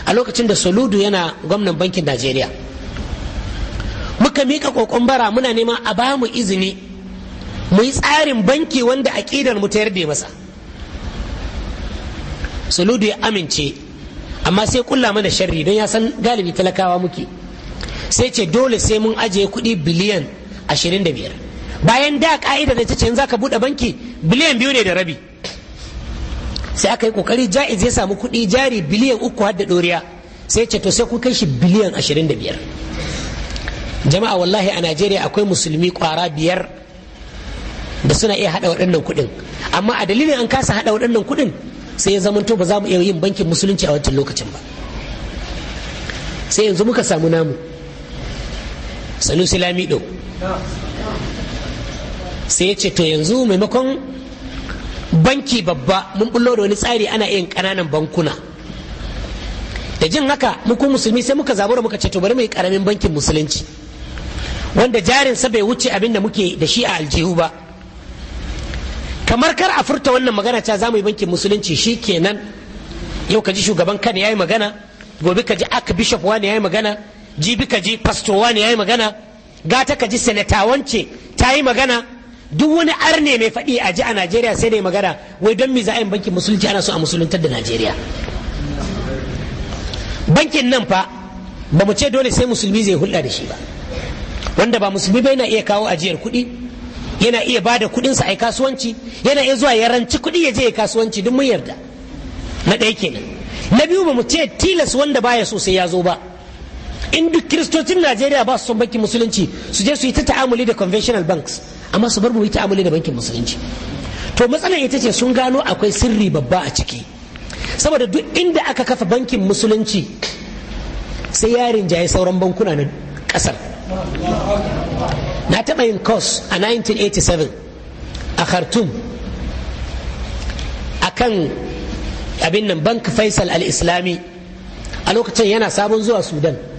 a lokacin da saludu yana gwamnan bankin najeriya muka mika kokon bara muna neman a ba mu izini mu yi tsarin banki wanda aƙidar mu ta yarda masa saludu ya amince amma sai kulla mana sharri don ya san galibi talakawa muke sai ce dole sai mun ajiye kuɗi biliyan ashirin da bayan da ka'ida da ta ce za buɗe banki biliyan biyu ne da rabi sai aka yi kokari ja'iz ya samu kuɗi jari biliyan uku har da ɗoriya sai ce to sai ku kai shi biliyan ashirin jama'a wallahi a najeriya akwai musulmi kwara biyar da suna iya haɗa waɗannan kuɗin amma a dalilin an kasa haɗa waɗannan kuɗin sai ya zamanto ba za mu iya yin bankin musulunci a wancan lokacin ba sai yanzu muka samu namu sanusi lamido sai ya ce to yanzu maimakon banki babba mun bullo da wani tsari ana yin kananan bankuna da jin haka muku musulmi sai muka zabura muka ce to bari mu yi ƙaramin bankin musulunci wanda jarin sa bai wuce abin da muke da shi a aljihu ba kamar kar a furta wannan magana ta zamu yi bankin musulunci shi kenan yau ka ji shugaban kan yayi magana gobe ka ji aka bishop wani yayi magana jibi ka ji pastor wani yayi magana gata ka ji sanatawance wance ta yi magana duk wani arne mai faɗi a ji a najeriya sai dai magana wai don me za a bankin musulunci ana so a musuluntar da najeriya bankin nan fa ba mu ce dole sai musulmi zai hulɗa da shi ba wanda ba musulmi ba yana iya kawo ajiyar kuɗi yana iya ba da kuɗinsa a kasuwanci yana iya zuwa ya ranci kuɗi ya je ya kasuwanci duk mun yarda na ɗaya kenan na biyu ba mu ce tilas wanda baya so sai ya zo ba in duk kiristocin najeriya ba su son bankin musulunci su je su yi ta ta'amuli da conventional banks amma su bar mu yi ta'amuli da bankin musulunci to matsalar ita ce sun gano akwai sirri babba a ciki saboda duk inda aka kafa bankin musulunci sai yarin jaye sauran bankuna na kasar na taɓa yin kos a 1987 a khartoum akan abin nan bank faisal al-islami a lokacin yana sabon zuwa sudan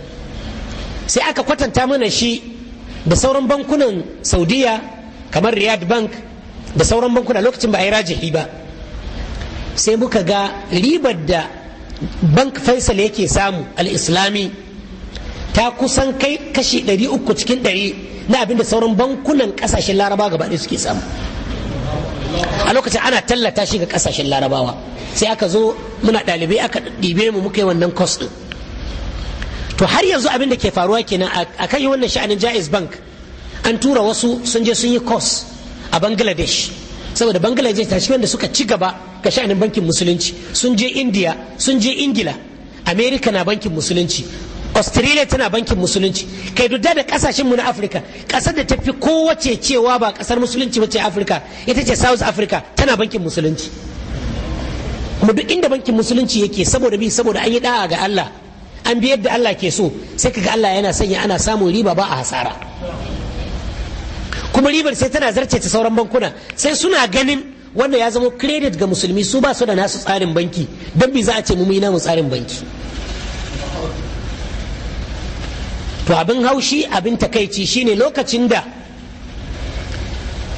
sai aka kwatanta mana shi da sauran bankunan saudiya kamar riyad bank da sauran bankuna lokacin ba a yi rajihi ba sai muka ga ribar da bank faisal yake samu al-islami ta kusan kai kashi 300 cikin 100 na abinda sauran bankunan kasashen laraba gaba ɗaya suke samu a lokacin ana tallata shi ga kasashen larabawa sai aka zo muna ɗalibai aka ɗibe mu muka yi wannan kwas ɗin to har yanzu abin da ke faruwa kenan a kan yi wannan sha'anin jaiz bank an tura wasu sun je sun yi kos a bangladesh saboda bangladesh ta da suka ci gaba ga sha'anin bankin musulunci sun je india sun je ingila america na bankin musulunci australia tana bankin musulunci kai duk da kasashen mu na afirka kasar da ta fi kowace cewa ba kasar musulunci ba ce afirka ita ce south africa tana bankin musulunci kuma duk inda bankin musulunci yake saboda bi saboda an yi da'a ga allah an bi yadda Allah ke so sai kaga Allah yana sanya ana samun riba ba a hasara kuma ribar sai tana zarce ta sauran bankuna sai suna ganin wanda ya zama credit ga musulmi su ba su da nasu tsarin banki don bi za a ce mu yi namu tsarin banki to abin haushi abin takaici shine lokacin da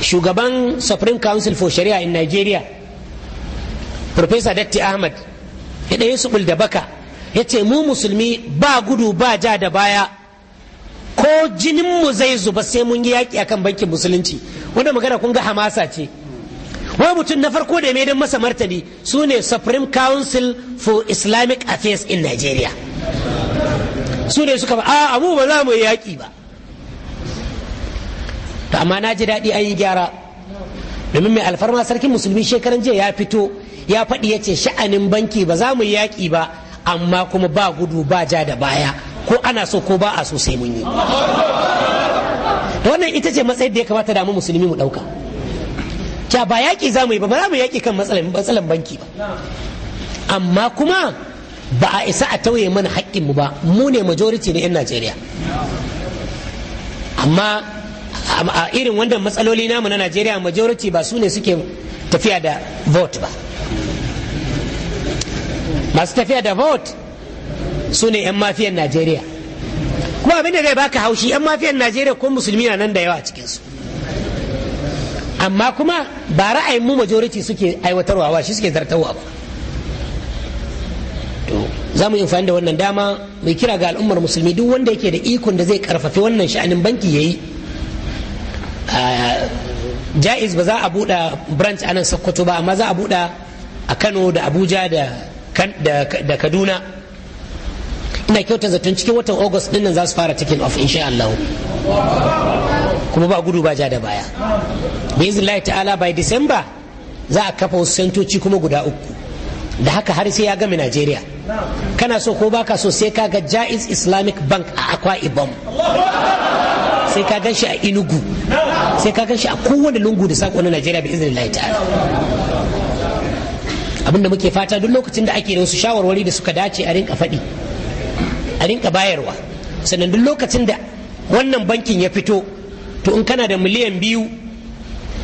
shugaban supreme council for sharia in nigeria professor datti ahmad ya ɗaya su da baka ya ce mu musulmi ba gudu ba ja da baya ko jininmu zai zuba sai mun yi yaƙi akan bankin musulunci wanda magana kun ga hamasa ce wai mutum na farko da mai masa martani su ne supreme council for islamic affairs in nigeria su ne suka ba a mu ba za mu yi yaƙi ba to amma na ji daɗi an yi gyara domin mai alfarma sarkin musulmi shekaran jiya ya fito ya faɗi ya ce sha'anin banki ba za mu yi yaƙi ba amma kuma ba gudu ba ja da baya ko ana so ko ba a so sai mun yi wannan ita ce matsayin da ya kamata da mu musulmi mu dauka ta ba yaki za mu yi ba ba za mu yaƙi kan matsalan banki ba amma kuma ba a isa a tauye mana mu ba mu ne majority na 'yan najeriya amma a irin wannan matsaloli namu na najeriya majority ba su ne suke tafiya da vote ba masu tafiya da vote su ne 'yan mafiyan najeriya kuma abin da zai baka haushi 'yan mafiyan najeriya ko musulmi na nan da yawa cikinsu amma kuma ba ra'ayin mu majority suke aiwatarwa wa shi suke zartarwa ba to za mu amfani da wannan dama mai kira ga al'ummar musulmi duk wanda yake da ikon da zai karfafi wannan sha'anin banki yayi ja'iz ba za a buɗe branch a nan sokoto ba amma za a buɗe a kano da abuja da da kaduna ina kyauta zaton cikin watan august dinnan za su fara taking off insha Allah kuma ba gudu ba ja da baya bi iznillahi ta'ala by december za a kafa wasu sentoci kuma guda uku da haka har sai ya gami nigeria kana so ko baka so sai ka ga jaiz islamic bank a akwa ibom sai ka gan shi a inugu sai ka gan shi a kowane lungu da sako na najeriya bi ta'ala abinda muke fata duk lokacin da ake da wasu shawarwari da suka dace a rinka faɗi a rinka bayarwa sannan duk lokacin da wannan bankin ya fito to in kana da miliyan biyu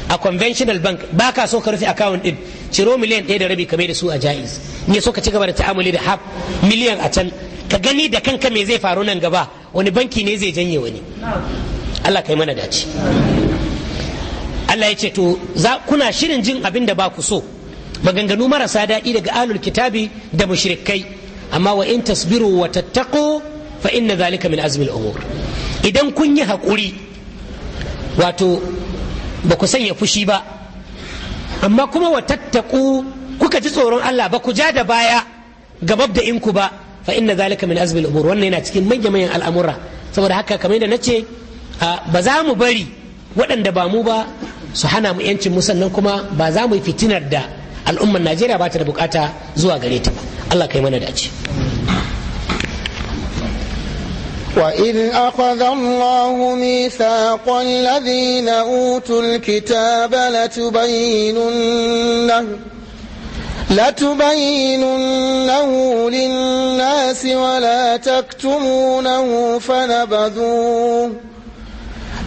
a conventional bank ba ka so ka rufe account din ciro miliyan ɗaya da rabi ka da su a jaiz in so ka ci gaba da ta'amali da half miliyan a can ka gani da kanka me zai faru nan gaba wani banki ne zai janye wani Allah kai mana dace Allah ya ce to kuna shirin jin abin da ba ku so maganganu marasa daɗi daga alul kitabi da mushrikai amma wa in tasbiru wa tattaqu fa inna zalika min azmil umur idan kun yi haƙuri wato ba ku sanya fushi ba amma kuma wa kuka ji tsoron Allah ba ku ja da baya ga mabda'inku ba fa inna zalika min azmil umur wannan yana cikin manyan manyan al'amura saboda haka kamar yadda nace ba za mu bari waɗanda ba mu ba su hana mu yancin mu sannan kuma ba za mu yi fitinar da al'ummar najeriya ba ta da bukata zuwa gare ta allah kai mana dace وإذ أخذ الله ميثاق الذين أوتوا الكتاب لتبيننه لتبيننه للناس ولا تكتمونه فنبذوه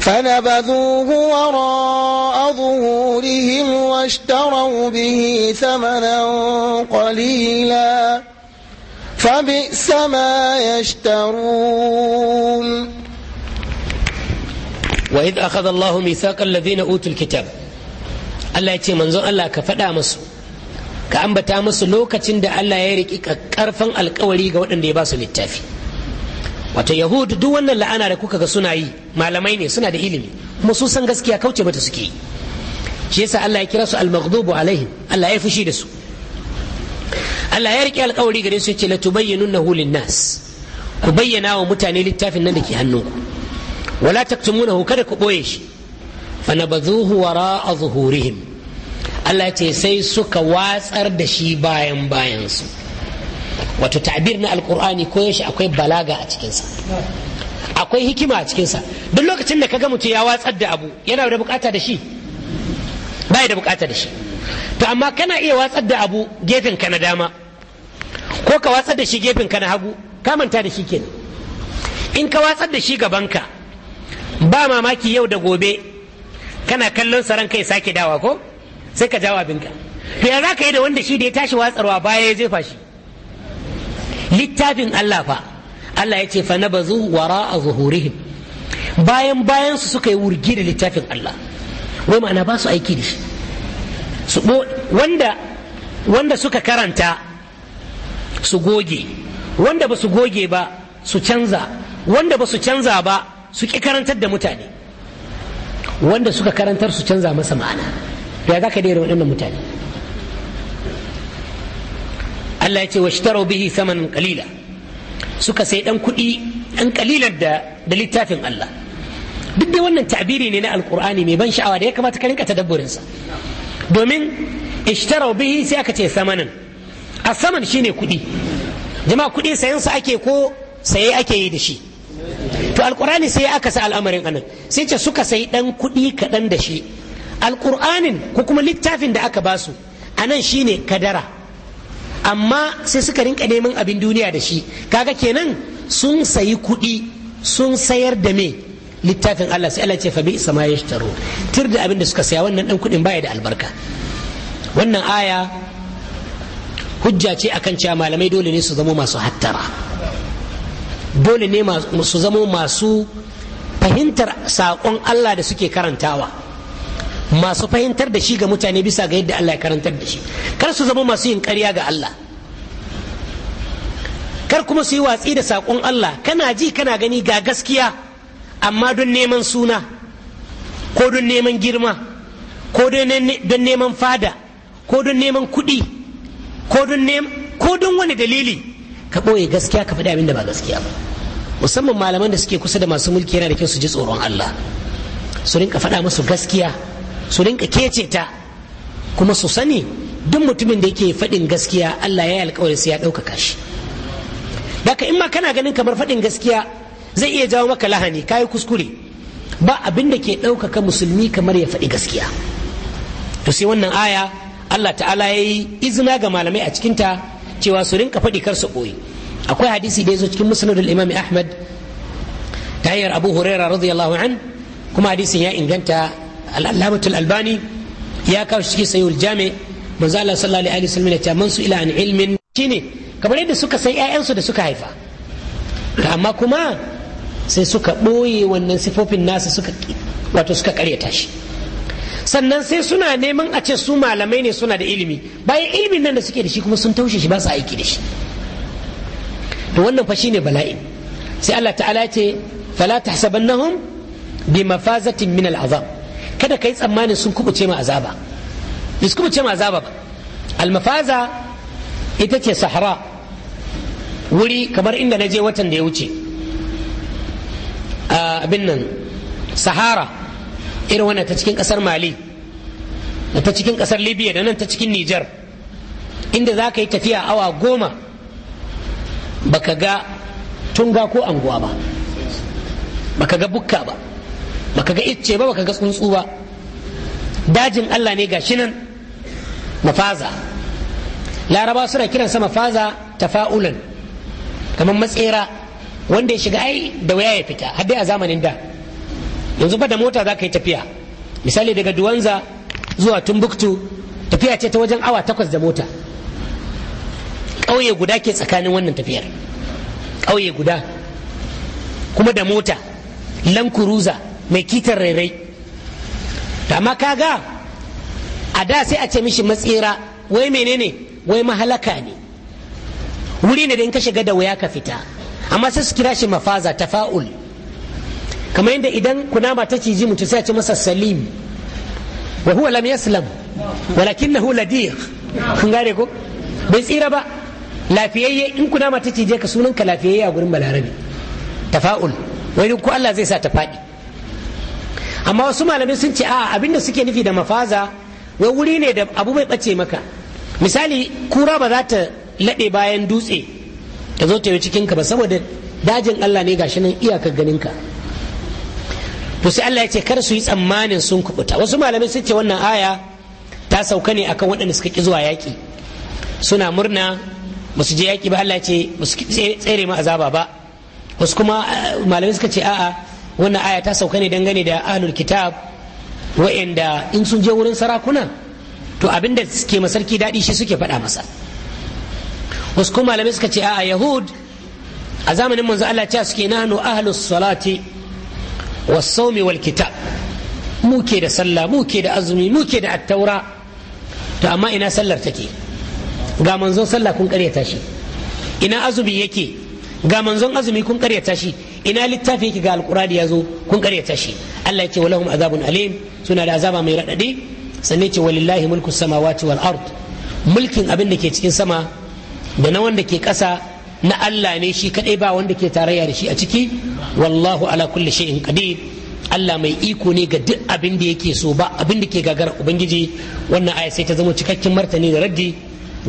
فنبذوه وراء ظهورهم واشتروا به ثمنا قليلا فبئس ما يشترون وإذ أخذ الله ميثاق الذين أوتوا الكتاب ألا يتي منزون ألا كفدا مسو كأنبتا مسو لو كتند ألا يريك كرفا القولي قوة أن يباسوا للتافي wato yahudu duk wannan la'ana da kuka ga suna yi malamai ne suna da ilimi kuma su san gaskiya kauce mata suke shi yasa Allah ya kira su al-maghdubu alaihim Allah ya fushi da su Allah ya rike alƙawari gare su yace latubayyinunnahu lin-nas ku bayyana wa mutane littafin nan da ke ku wala taktumunahu kada ku boye shi fanabadhuhu wara'a zuhurihim Allah ya ce sai suka watsar da shi bayan bayan su wato ta'bir na alkur'ani ko yashi akwai balaga a cikinsa akwai hikima a cikinsa duk lokacin da kaga mutum ya watsar da abu yana da bukata da shi bai da bukata da shi to amma kana iya watsar da abu gefen ka na dama ko ka watsar da shi gefen ka na hagu ka manta da shi kenan in ka watsar da shi gabanka ba mamaki yau da gobe kana kallon saran kai sake dawa ko sai ka jawo ka to ya za ka yi da wanda shi da ya tashi watsarwa baya ya jefa shi littafin Allah fa Allah ya ce fa na bazu wara a zuhurihim bayan bayan su suka yi wurgi da littafin Allah wai ma'ana ba su aiki da shi wanda suka karanta su goge wanda ba su goge ba su canza wanda ba su canza ba su ki karantar da mutane wanda suka karantar su canza masa ma'ana ya za ka daina waɗannan mutane Allah ya ce washtaru bihi samanin kalila suka sai dan kuɗi dan kalilar da da littafin Allah duk da wannan ta'biri ne na alkur'ani mai ban sha'awa da ya kamata ka rinka tadabburin sa domin ishtarau bihi sai aka ce samanin a saman shine kuɗi jama'a kuɗi sayan su ake ko saye ake yi da shi to alqur'ani sai aka sa al'amarin anan sai ce suka sai dan kuɗi kaɗan da shi alƙur'anin ko kuma littafin da aka basu a nan shine kadara amma sai suka rinka neman abin duniya da shi kaga kenan sun sayi kuɗi sun sayar da me littafin Allah sai Allah ce fa bi sama yashtaru tir da abin da suka saya wannan dan kuɗin baya da albarka wannan aya hujja ce akan cewa malamai dole ne su zama masu hattara dole ne su zama masu fahimtar saƙon Allah da suke karantawa masu fahimtar da shi ga mutane bisa ga yadda Allah ya karantar da shi kar su zama masu yin ƙarya ga Allah kar kuma su yi watsi da saƙon Allah kana ji kana gani ga gaskiya amma don neman suna ko don neman girma ko don neman fada ko don neman kuɗi ko don wani dalili ka ɓoye gaskiya ka faɗi abin da ba gaskiya ba musamman malaman da suke kusa da masu mulki yana da kyau su ji tsoron Allah su rinka faɗa musu gaskiya su rinka kece ta kuma su sani duk mutumin da yake faɗin gaskiya Allah ya yi alƙawari sai ya ɗaukaka shi daka in ma kana ganin kamar faɗin gaskiya zai iya jawo maka lahani kayi kuskure ba abin da ke ɗaukaka musulmi kamar ya faɗi gaskiya to sai wannan aya Allah ta'ala ya yi izina ga malamai a cikin ta cewa su rinka faɗi kar su ɓoye akwai hadisi da ya zo cikin da imam ahmad ta hanyar abu huraira radiyallahu an kuma hadisin ya inganta al'allamatul albani ya kawo shi cikin sayyul jami manzo Allah sallallahu alaihi wasallam ya ce man su ila an ilmin shine kamar yadda suka san ƴaƴansu da suka haifa amma kuma sai suka ɓoye wannan sifofin nasa suka wato suka karya tashi. sannan sai suna neman a ce su malamai ne suna da ilimi bayan ilimin nan da suke da shi kuma sun taushe shi ba su aiki da shi to wannan fa ne bala'i sai Allah ta'ala ce fala tahsabannahum bi mafazatin min al'azab kada ka yi tsammanin sun kubuce ma azaba ba su kubuce ma azaba ba almafaza ita ce sahara wuri kamar inda na je watan da ya wuce abin nan sahara irin wannan ta cikin kasar mali da ta cikin kasar libya da nan ta cikin nijar inda za ka yi tafiya awa goma baka ga tunga ko anguwa ba baka ga bukka ba baka ga icce ba baka ga tsuntsu ba dajin Allah ne gashi nan mafaza laraba suna kiransa mafaza tafa'ulan kamar matsera wanda ya shiga ai da waya ya fita har dai a zamanin da yanzu fa da mota za ka yi tafiya misali daga duwanza zuwa tumbuktu tafiya ce ta wajen awa takwas da mota ƙauye guda ke tsakanin wannan tafiyar ƙauye guda kuma da mota lankuruza mai kitar rairai amma kaga a da sai a ce mishi matsira wai menene wai mahalaka ne wuri ne da in ka shiga da wuya ka fita amma sai su kira shi mafaza tafa'ul kamar yadda idan kunama ta ciji mutu sai a ce masa salim wa huwa lam yaslam ladiq kun gare ko bai tsira ba lafiyayye in kunama ta cije ka sunan ka lafiyayye a gurin balarabe tafa'ul wai ko Allah zai sa ta faɗi amma wasu malamai sun ce a abinda suke nufi da mafaza wai wuri ne da abu bai bace maka misali kura ba za ta laɗe bayan dutse ta zo ta yi cikinka ba saboda dajin Allah ne gashi nan iyakar ganinka to sai Allah ya ce kar su yi tsammanin sun kubuta wasu malamai sun ce wannan aya ta sauka ne akan waɗanda suka ki zuwa yaƙi suna murna ba su je yaƙi ba Allah ya ce ba su tsere ma azaba ba wasu kuma eh, malamai suka ce a'a wannan aya ta sauka ne dangane da ahlul kitab wa'anda in sun je wurin sarakuna to abinda ke masarki daɗi shi suke faɗa masa wasu kuma malamai suka ce a yahud a zamanin manzo Allah ce suke nahnu ahlus salati was sawmi wal kitab mu ke da sallah mu ke da azumi mu ke da attaura to amma ina sallar take ga manzon sallah kun karyata shi ina azumi yake ga manzon azumi kun karyata shi ina littafi yake ga alqur'ani ya zo kun karya shi Allah ya ce walahum azabun alim suna da azaba mai raɗaɗi sannan ce walillahi mulku samawati wal ard mulkin abin da ke cikin sama da na wanda ke ƙasa na Allah ne shi kadai ba wanda ke tarayya da shi a ciki wallahu ala kulli shay'in qadir Allah mai iko ne ga duk abin da yake so ba abin da ke gagara ubangiji wannan aya sai ta zama cikakken martani da raddi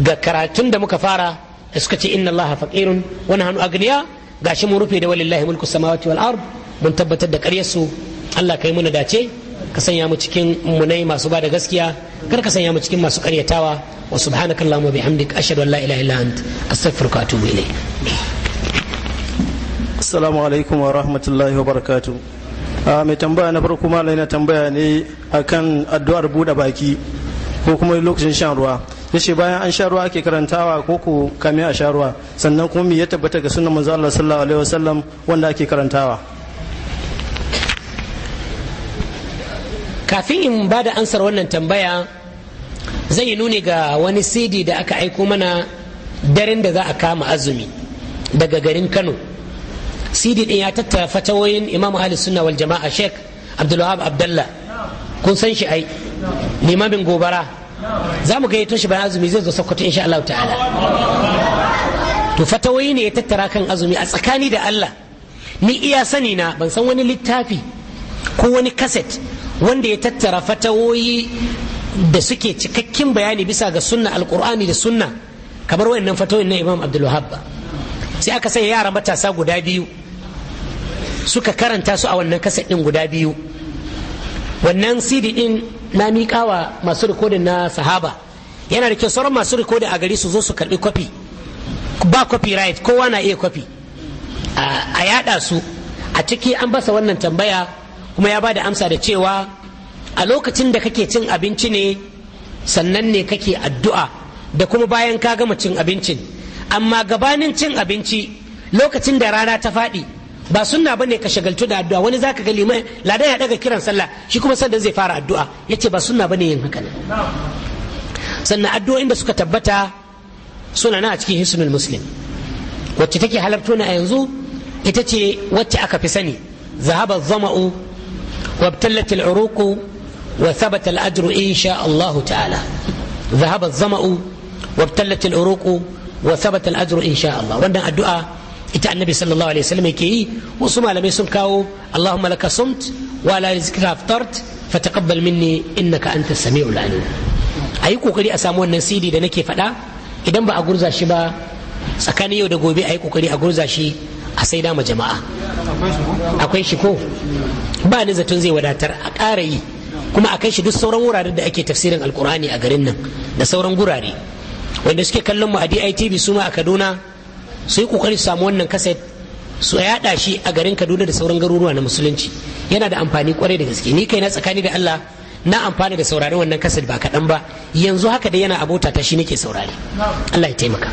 ga karatun da muka fara da suka ce inna allaha faqirun wa nahnu agniya gashi mun rufe da walillahi mulku samawati wal ard mun tabbatar da ƙaryar su Allah kai muna dace ka sanya mu cikin munai masu ba da gaskiya kar ka sanya mu cikin masu ƙaryatawa wa subhanaka wa bihamdika ashhadu an la ilaha illa ant astaghfiruka wa atubu ilayk assalamu alaikum wa rahmatullahi wa barakatuh ah, mai tambaya na farko malai na tambaya ne akan addu'ar buɗe baki ko kuma lokacin shan ruwa yace bayan an sha ake karantawa ko ku kame a sha ruwa sannan kuma me ya tabbata ga sunan manzo Allah sallallahu alaihi wasallam wanda ake karantawa kafin in ba da ansar wannan tambaya zai nuni ga wani cd da aka aiko mana daren da za a kama azumi daga garin kano cd din ya tattara fatawoyin imam ahli sunna wal jama'a sheikh abdulwahab abdallah kun san shi ai limamin gobara za mu gayyato tushe bayan azumi zai zo sokoto insha Allah ta'ala to fatawoyi ne ya tattara kan azumi a tsakani da Allah ni iya sani na ban san wani littafi ko wani kaset wanda ya tattara fatawoyi da suke cikakken bayani bisa ga sunna alkur'ani da sunna kamar wayannan fatawoyin na imam abdul ba sai aka sai yara matasa guda biyu suka karanta su a wannan kaset din guda biyu wannan cd din na miƙa wa masu rikodin na sahaba yana da kyau sauran masu rikodin a gari su zo su karɓi kwafi ba copyright kowa na iya kwafi a yaɗa su a ciki an basa wannan tambaya kuma ya ba da amsa da cewa a lokacin da kake cin abinci ne sannan ne kake addu'a da kuma bayan ka gama cin abincin amma gabanin cin abinci lokacin da rana ta faɗi ba sunna bane ka shagaltu da addu'a wani zaka ga liman ladan ya daga kiran sallah shi kuma sanda zai fara addu'a yace ba sunna bane yin haka sannan addu'o'in da suka tabbata suna na a cikin hisnul muslim wacce take halarto na a yanzu ita ce wacce aka fi sani zahaba zama'u وابتلت العروق وثبت الأجر insha شاء ta'ala تعالى zama'u الظمأ وابتلت العروق وثبت الأجر إن شاء الله ita annabi sallallahu alaihi wasallam yake yi wasu malamai sun kawo Allahumma laka sumt wa la rizqika aftart fataqabbal minni innaka antas samiul alim ayi kokari a samu wannan sidi da nake faɗa idan ba a gurza shi ba tsakanin yau da gobe ayi kokari a gurza shi a sai dama jama'a akwai shi ko ba ni zaton zai wadatar a ƙara yi kuma a kai shi duk sauran wurare da ake tafsirin alkur'ani a garin nan da sauran gurare wanda suke kallon mu a DITV su ma a Kaduna su yi kokari su samu wannan kaset su yaɗa shi a garin kaduna da sauran garuruwa na musulunci yana da amfani kwarai da gaske ni kai na tsakani da allah na amfani da sauraron wannan kaset ba kaɗan ba yanzu haka dai yana abota ta shi nake saurari allah ya taimaka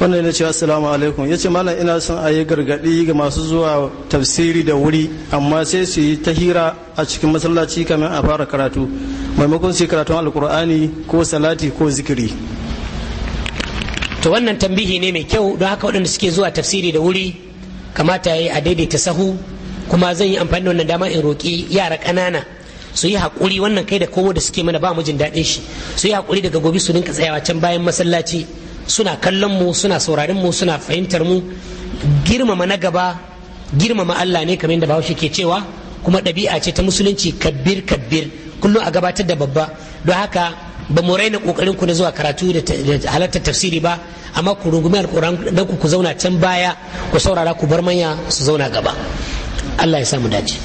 wannan ya cewa assalamu alaikum ya ce malam ina son a yi gargaɗi ga masu zuwa tafsiri da wuri amma sai su yi ta hira a cikin masallaci kamar a fara karatu maimakon su yi karatun alkur'ani ko salati ko zikiri to wannan tambihi ne mai kyau don haka waɗanda suke zuwa tafsiri da wuri kamata ya yi a daidaita sahu kuma zan yi amfani da wannan dama in roƙi yara ƙanana su yi haƙuri wannan kai da kowa da suke mana ba mu jin daɗin shi su yi haƙuri daga gobe su dinka tsayawa can bayan masallaci suna kallon mu suna sauraron mu suna fahimtar mu girmama na gaba girmama Allah ne kamar yadda Bahaushe ke cewa kuma ɗabi'a ce ta musulunci kabbir kabbir kullum a gabatar da babba don haka ba mu raina kokarin ku na zuwa karatu da halartar tafsiri ba amma ku rungumi alquran dan ku zauna can baya ku saurara ku bar manya su zauna gaba Allah ya samu dace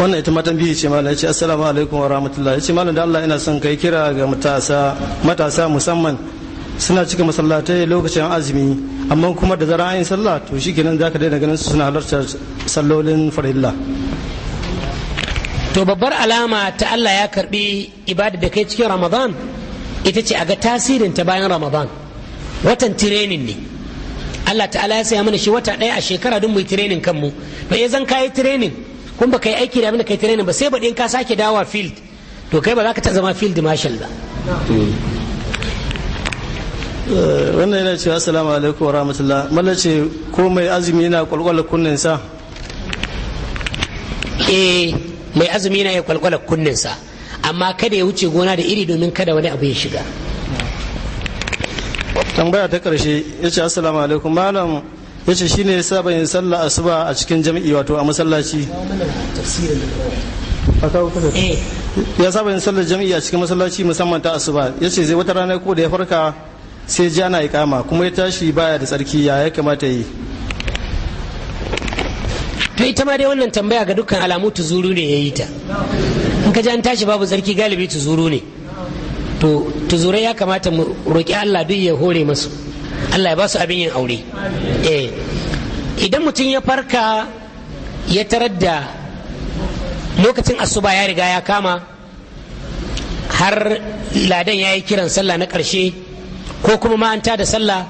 wannan ita matan biyu ce malam ce assalamu alaikum wa rahmatullahi ce malam da Allah ina son kai kira ga matasa matasa musamman suna cika masallatai lokacin azumi amma kuma da zara yi sallah to shikenan zaka daina ganin su suna halartar sallolin farilla to babbar alama ta Allah ya karbi ibada da kai cikin ramadan ita ce a ga tasirin ta bayan ramadan watan tirenin ne Allah ta'ala ya saya mana shi wata ɗaya a shekara don mu training tirenin kanmu to ya zan kayi training tirenin kun ba ka yi aiki da abin da ka yi tirenin ba sai baɗin ka sake dawa field to kai ba za ka ta zama field marshal ba eh, wannan yana cewa assalamu alaikum wa rahmatullah malla ce ko mai azumi yana kwalkwala kunninsa eh mai azumi na ya kwalkwala kunninsa amma kada ya wuce gona da iri domin kada wani abu ya shiga tambaya ta karshe ya ce assalamu alaikum malam ya ce shine ya saba yin sallah asuba a cikin jami'i wato a masallaci eh. ya saba yin sallar jami'i a cikin masallaci musamman ta asuba ya ce zai wata rana ko da ya farka sai jana ya kama kuma ya tashi baya da tsarki ya ya kamata yi to ita ma dai wannan tambaya ga dukkan alamu tuzuru ne ya yi ta in ka ji an tashi babu zarki galibi tuzuru ne to tuzurai ya kamata mu roƙi Allah duk ya hore masu Allah ya ba su abin yin aure eh idan mutum ya farka ya tarar da lokacin asuba ya riga ya kama har ladan ya yi kiran sallah na ƙarshe ko kuma ma an tada sallah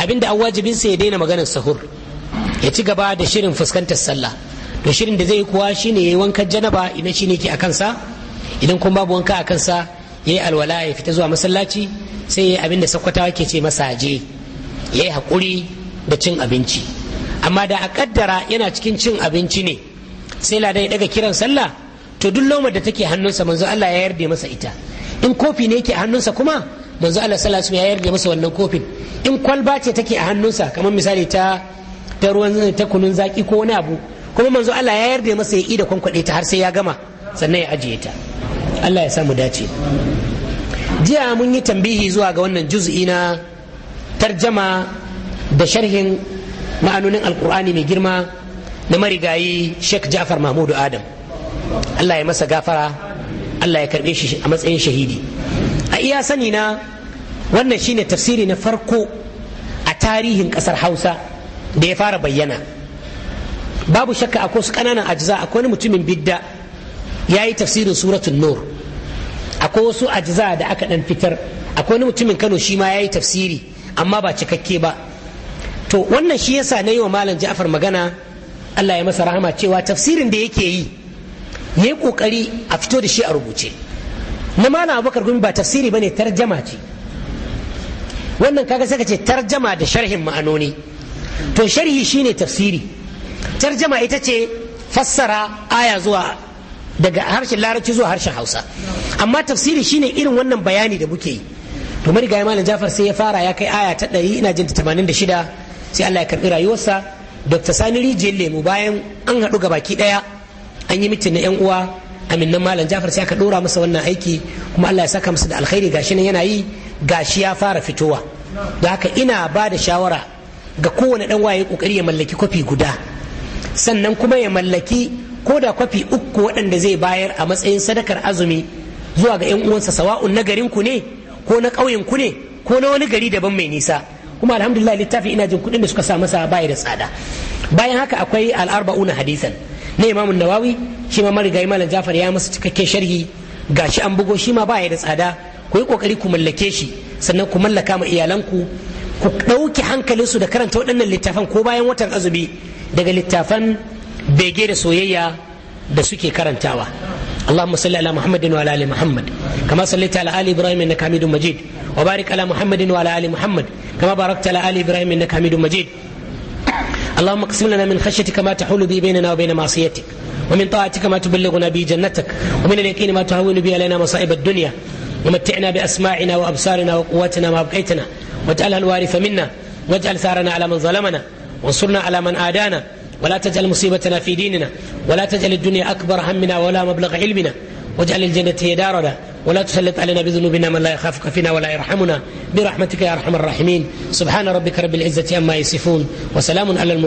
abinda an wajibinsa ya daina maganar sahur ya ci gaba da shirin fuskantar sallah to shirin da zai kuwa shine yayi wankan janaba idan shine ke akan sa idan kuma babu wanka akan sa yayi alwala ya fita zuwa masallaci sai yayi abin da sakwatawa ke ce masaje yayi hakuri da cin abinci amma da a kaddara yana cikin cin abinci ne sai ladan ya daga kiran sallah to duk lomar da take hannunsa manzo Allah ya yarda masa ita in kofi ne yake a hannunsa kuma manzo Allah sallallahu alaihi ya yarda masa wannan kofin in kwalba ce take a hannunsa kamar misali ta ta ruwan ta kunun zaki ko wani abu kuma manzo Allah ya yarda masa ya ida kwankwaɗe ta har sai ya gama sannan ya ajiye ta Allah ya samu dace jiya mun yi tambihi zuwa ga wannan juz'i na tarjama da sharhin ma'anonin alkur'ani mai girma na marigayi Sheikh Ja'far Mahmudu Adam Allah ya masa gafara Allah ya karbe shi a matsayin shahidi a iya sani na wannan shine tafsiri na farko a tarihin kasar Hausa da ya fara bayyana babu shakka akwai su ƙananan ajiza akwai mutumin bidda ya yi tafsirin suratun nur akwai wasu ajiza da aka ɗan fitar akwai wani mutumin kano shi ma ya yi tafsiri amma ba cikakke ba to wannan shi yasa na yi wa malam ja'afar magana allah ya masa rahama cewa tafsirin da yake yi ya yi kokari a fito da shi a rubuce na malam abubakar gumi ba tafsiri bane tarjama ce wannan kaga sai ka ce tarjama da sharhin ma'anoni to sharhi shine tafsiri tarjama ita ce fassara aya zuwa daga harshen larabci zuwa harshen hausa amma tafsiri shine irin wannan bayani da muke yi to marigayi malam jafar sai ya fara ya kai aya ta ɗari ina jin tamanin da shida sai allah ya karɓi rayuwarsa dr sani rijiyar lemu bayan an haɗu ga baki ɗaya an yi mitin na yan uwa aminnan malam jafar sai aka ɗora masa wannan aiki kuma allah ya saka masa da alkhairi gashi nan yana yi gashi ya fara fitowa da haka ina ba da shawara ga kowane dan waye kokari ya mallaki kwafi guda sannan kuma ya mallaki ko da kwafi uku waɗanda zai bayar a matsayin sadakar azumi zuwa ga ƴan uwansa sawa'un na garin ku ne ko na ƙauyen ku ne ko na wani gari daban mai nisa kuma alhamdulillah littafi ina jin kuɗin da suka sa masa baya da tsada bayan haka akwai al'arba'una hadisan na imamun nawawi shi ma marigayi malam jafar ya masa cikakken sharhi ga shi an bugo shi ma baya da tsada ku yi kokari ku mallake shi sannan ku mallaka ma iyalanku ku ɗauki hankalinsu da karanta waɗannan littafan ko bayan watan azumi daga littafan bege da soyayya da suke karantawa اللهم صل على محمد وعلى ال محمد كما صليت على ال ابراهيم انك حميد مجيد وبارك على محمد وعلى ال محمد كما باركت على ال ابراهيم انك حميد مجيد اللهم اقسم لنا من خشيتك ما تحول به بيننا وبين معصيتك ومن طاعتك ما تبلغنا به جنتك ومن اليقين ما تهون به علينا مصائب الدنيا ومتعنا باسماعنا وابصارنا وقواتنا ما ابقيتنا واجعلها الوارث منا واجعل ثارنا على من ظلمنا وانصرنا على من آدانا ولا تجعل مصيبتنا في ديننا ولا تجعل الدنيا أكبر همنا ولا مبلغ علمنا واجعل الجنة هي دارنا ولا تسلط علينا بذنوبنا من لا يخافك فينا ولا يرحمنا برحمتك يا أرحم الراحمين سبحان ربك رب العزة أما يصفون وسلام على المرسلين